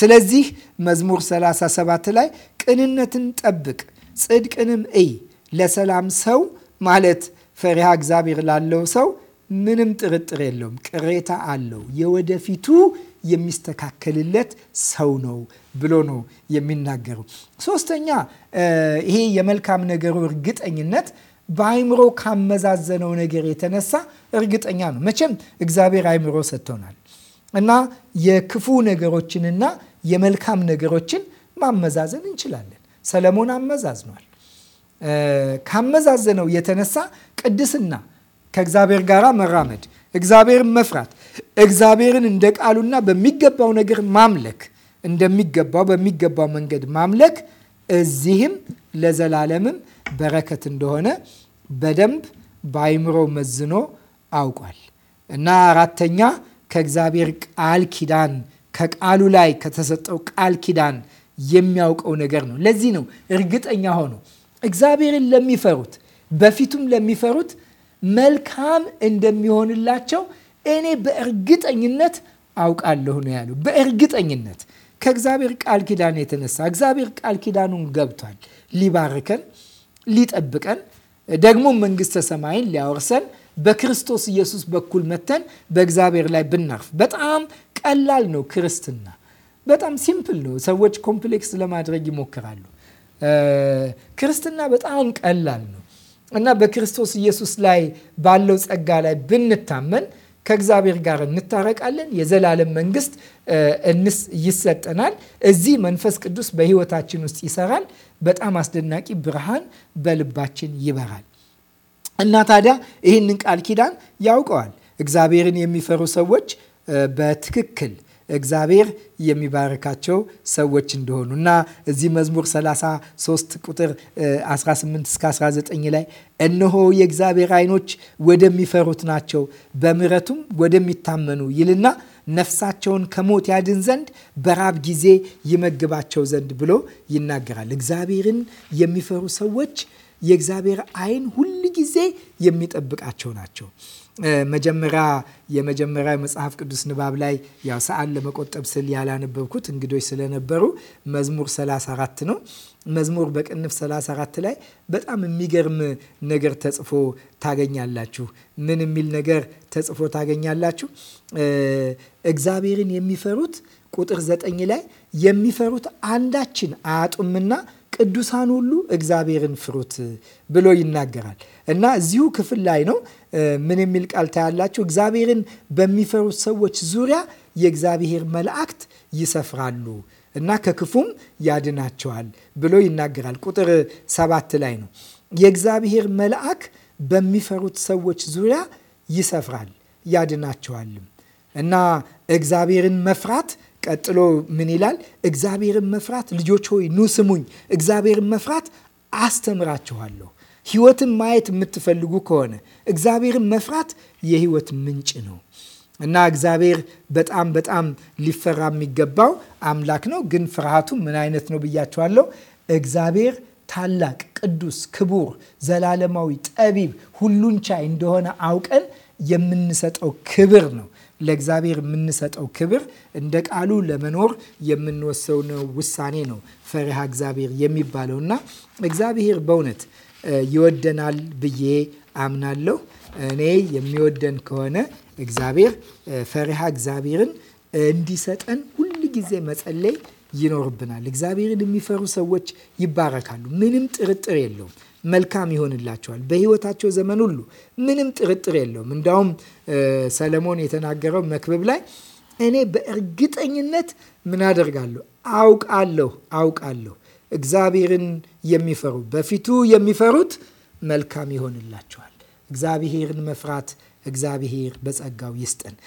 Speaker 1: ስለዚህ መዝሙር 37 ላይ ቅንነትን ጠብቅ ጽድቅንም እይ ለሰላም ሰው ማለት ፈሪሃ እግዚአብሔር ላለው ሰው ምንም ጥርጥር የለውም፣ ቅሬታ አለው የወደፊቱ የሚስተካከልለት ሰው ነው ብሎ ነው የሚናገሩ። ሶስተኛ ይሄ የመልካም ነገሩ እርግጠኝነት በአይምሮ ካመዛዘነው ነገር የተነሳ እርግጠኛ ነው። መቼም እግዚአብሔር አይምሮ ሰጥቶናል እና የክፉ ነገሮችንና የመልካም ነገሮችን ማመዛዘን እንችላለን። ሰለሞን አመዛዝኗል። ካመዛዘነው የተነሳ ቅድስና ከእግዚአብሔር ጋር መራመድ፣ እግዚአብሔርን መፍራት፣ እግዚአብሔርን እንደ ቃሉና በሚገባው ነገር ማምለክ እንደሚገባው በሚገባው መንገድ ማምለክ እዚህም ለዘላለምም በረከት እንደሆነ በደንብ በአይምሮ መዝኖ አውቋል እና አራተኛ ከእግዚአብሔር ቃል ኪዳን ከቃሉ ላይ ከተሰጠው ቃል ኪዳን የሚያውቀው ነገር ነው። ለዚህ ነው እርግጠኛ ሆኖ እግዚአብሔርን ለሚፈሩት በፊቱም ለሚፈሩት መልካም እንደሚሆንላቸው እኔ በእርግጠኝነት አውቃለሁ ነው ያለው። በእርግጠኝነት ከእግዚአብሔር ቃል ኪዳን የተነሳ እግዚአብሔር ቃል ኪዳኑን ገብቷል። ሊባርከን፣ ሊጠብቀን ደግሞ መንግስተ ሰማይን ሊያወርሰን በክርስቶስ ኢየሱስ በኩል መተን በእግዚአብሔር ላይ ብናርፍ በጣም ቀላል ነው። ክርስትና በጣም ሲምፕል ነው። ሰዎች ኮምፕሌክስ ለማድረግ ይሞክራሉ። ክርስትና በጣም ቀላል ነው። እና በክርስቶስ ኢየሱስ ላይ ባለው ጸጋ ላይ ብንታመን ከእግዚአብሔር ጋር እንታረቃለን። የዘላለም መንግስት እንስ ይሰጠናል። እዚህ መንፈስ ቅዱስ በህይወታችን ውስጥ ይሰራል። በጣም አስደናቂ ብርሃን በልባችን ይበራል። እና ታዲያ ይህንን ቃል ኪዳን ያውቀዋል። እግዚአብሔርን የሚፈሩ ሰዎች በትክክል እግዚአብሔር የሚባርካቸው ሰዎች እንደሆኑ እና እዚህ መዝሙር 33 ቁጥር 18 እስከ 19 ላይ እነሆ የእግዚአብሔር ዓይኖች ወደሚፈሩት ናቸው፣ በምረቱም ወደሚታመኑ ይልና ነፍሳቸውን ከሞት ያድን ዘንድ በራብ ጊዜ ይመግባቸው ዘንድ ብሎ ይናገራል። እግዚአብሔርን የሚፈሩ ሰዎች የእግዚአብሔር ዓይን ሁል ጊዜ የሚጠብቃቸው ናቸው። መጀመሪያ የመጀመሪያ መጽሐፍ ቅዱስ ንባብ ላይ ያው ሰዓት ለመቆጠብ ስል ያላነበብኩት እንግዶች ስለነበሩ መዝሙር 34 ነው። መዝሙር በቅንፍ 34 ላይ በጣም የሚገርም ነገር ተጽፎ ታገኛላችሁ። ምን የሚል ነገር ተጽፎ ታገኛላችሁ? እግዚአብሔርን የሚፈሩት ቁጥር ዘጠኝ ላይ የሚፈሩት አንዳችን አያጡምና ቅዱሳን ሁሉ እግዚአብሔርን ፍሩት ብሎ ይናገራል እና እዚሁ ክፍል ላይ ነው ምን የሚል ቃል ታያላችሁ? እግዚአብሔርን በሚፈሩት ሰዎች ዙሪያ የእግዚአብሔር መላእክት ይሰፍራሉ እና ከክፉም ያድናቸዋል ብሎ ይናገራል። ቁጥር ሰባት ላይ ነው የእግዚአብሔር መልአክ በሚፈሩት ሰዎች ዙሪያ ይሰፍራል ያድናቸዋልም። እና እግዚአብሔርን መፍራት ቀጥሎ ምን ይላል? እግዚአብሔርን መፍራት ልጆች ሆይ ኑ ስሙኝ፣ እግዚአብሔርን መፍራት አስተምራችኋለሁ። ሕይወትን ማየት የምትፈልጉ ከሆነ እግዚአብሔርን መፍራት የሕይወት ምንጭ ነው እና እግዚአብሔር በጣም በጣም ሊፈራ የሚገባው አምላክ ነው። ግን ፍርሃቱ ምን አይነት ነው ብያችኋለሁ። እግዚአብሔር ታላቅ፣ ቅዱስ፣ ክቡር፣ ዘላለማዊ፣ ጠቢብ፣ ሁሉን ቻይ እንደሆነ አውቀን የምንሰጠው ክብር ነው ለእግዚአብሔር የምንሰጠው ክብር እንደ ቃሉ ለመኖር የምንወሰነው ውሳኔ ነው ፈሪሃ እግዚአብሔር የሚባለው እና እግዚአብሔር በእውነት ይወደናል ብዬ አምናለሁ። እኔ የሚወደን ከሆነ እግዚአብሔር ፈሪሃ እግዚአብሔርን እንዲሰጠን ሁል ጊዜ መጸለይ ይኖርብናል። እግዚአብሔርን የሚፈሩ ሰዎች ይባረካሉ። ምንም ጥርጥር የለውም። መልካም ይሆንላቸዋል በህይወታቸው ዘመን ሁሉ። ምንም ጥርጥር የለውም። እንዳውም ሰለሞን የተናገረው መክብብ ላይ እኔ በእርግጠኝነት ምን አደርጋለሁ አውቃለሁ አውቃለሁ እግዚአብሔርን የሚፈሩ በፊቱ የሚፈሩት መልካም ይሆንላቸዋል። እግዚአብሔርን መፍራት እግዚአብሔር በጸጋው ይስጠን።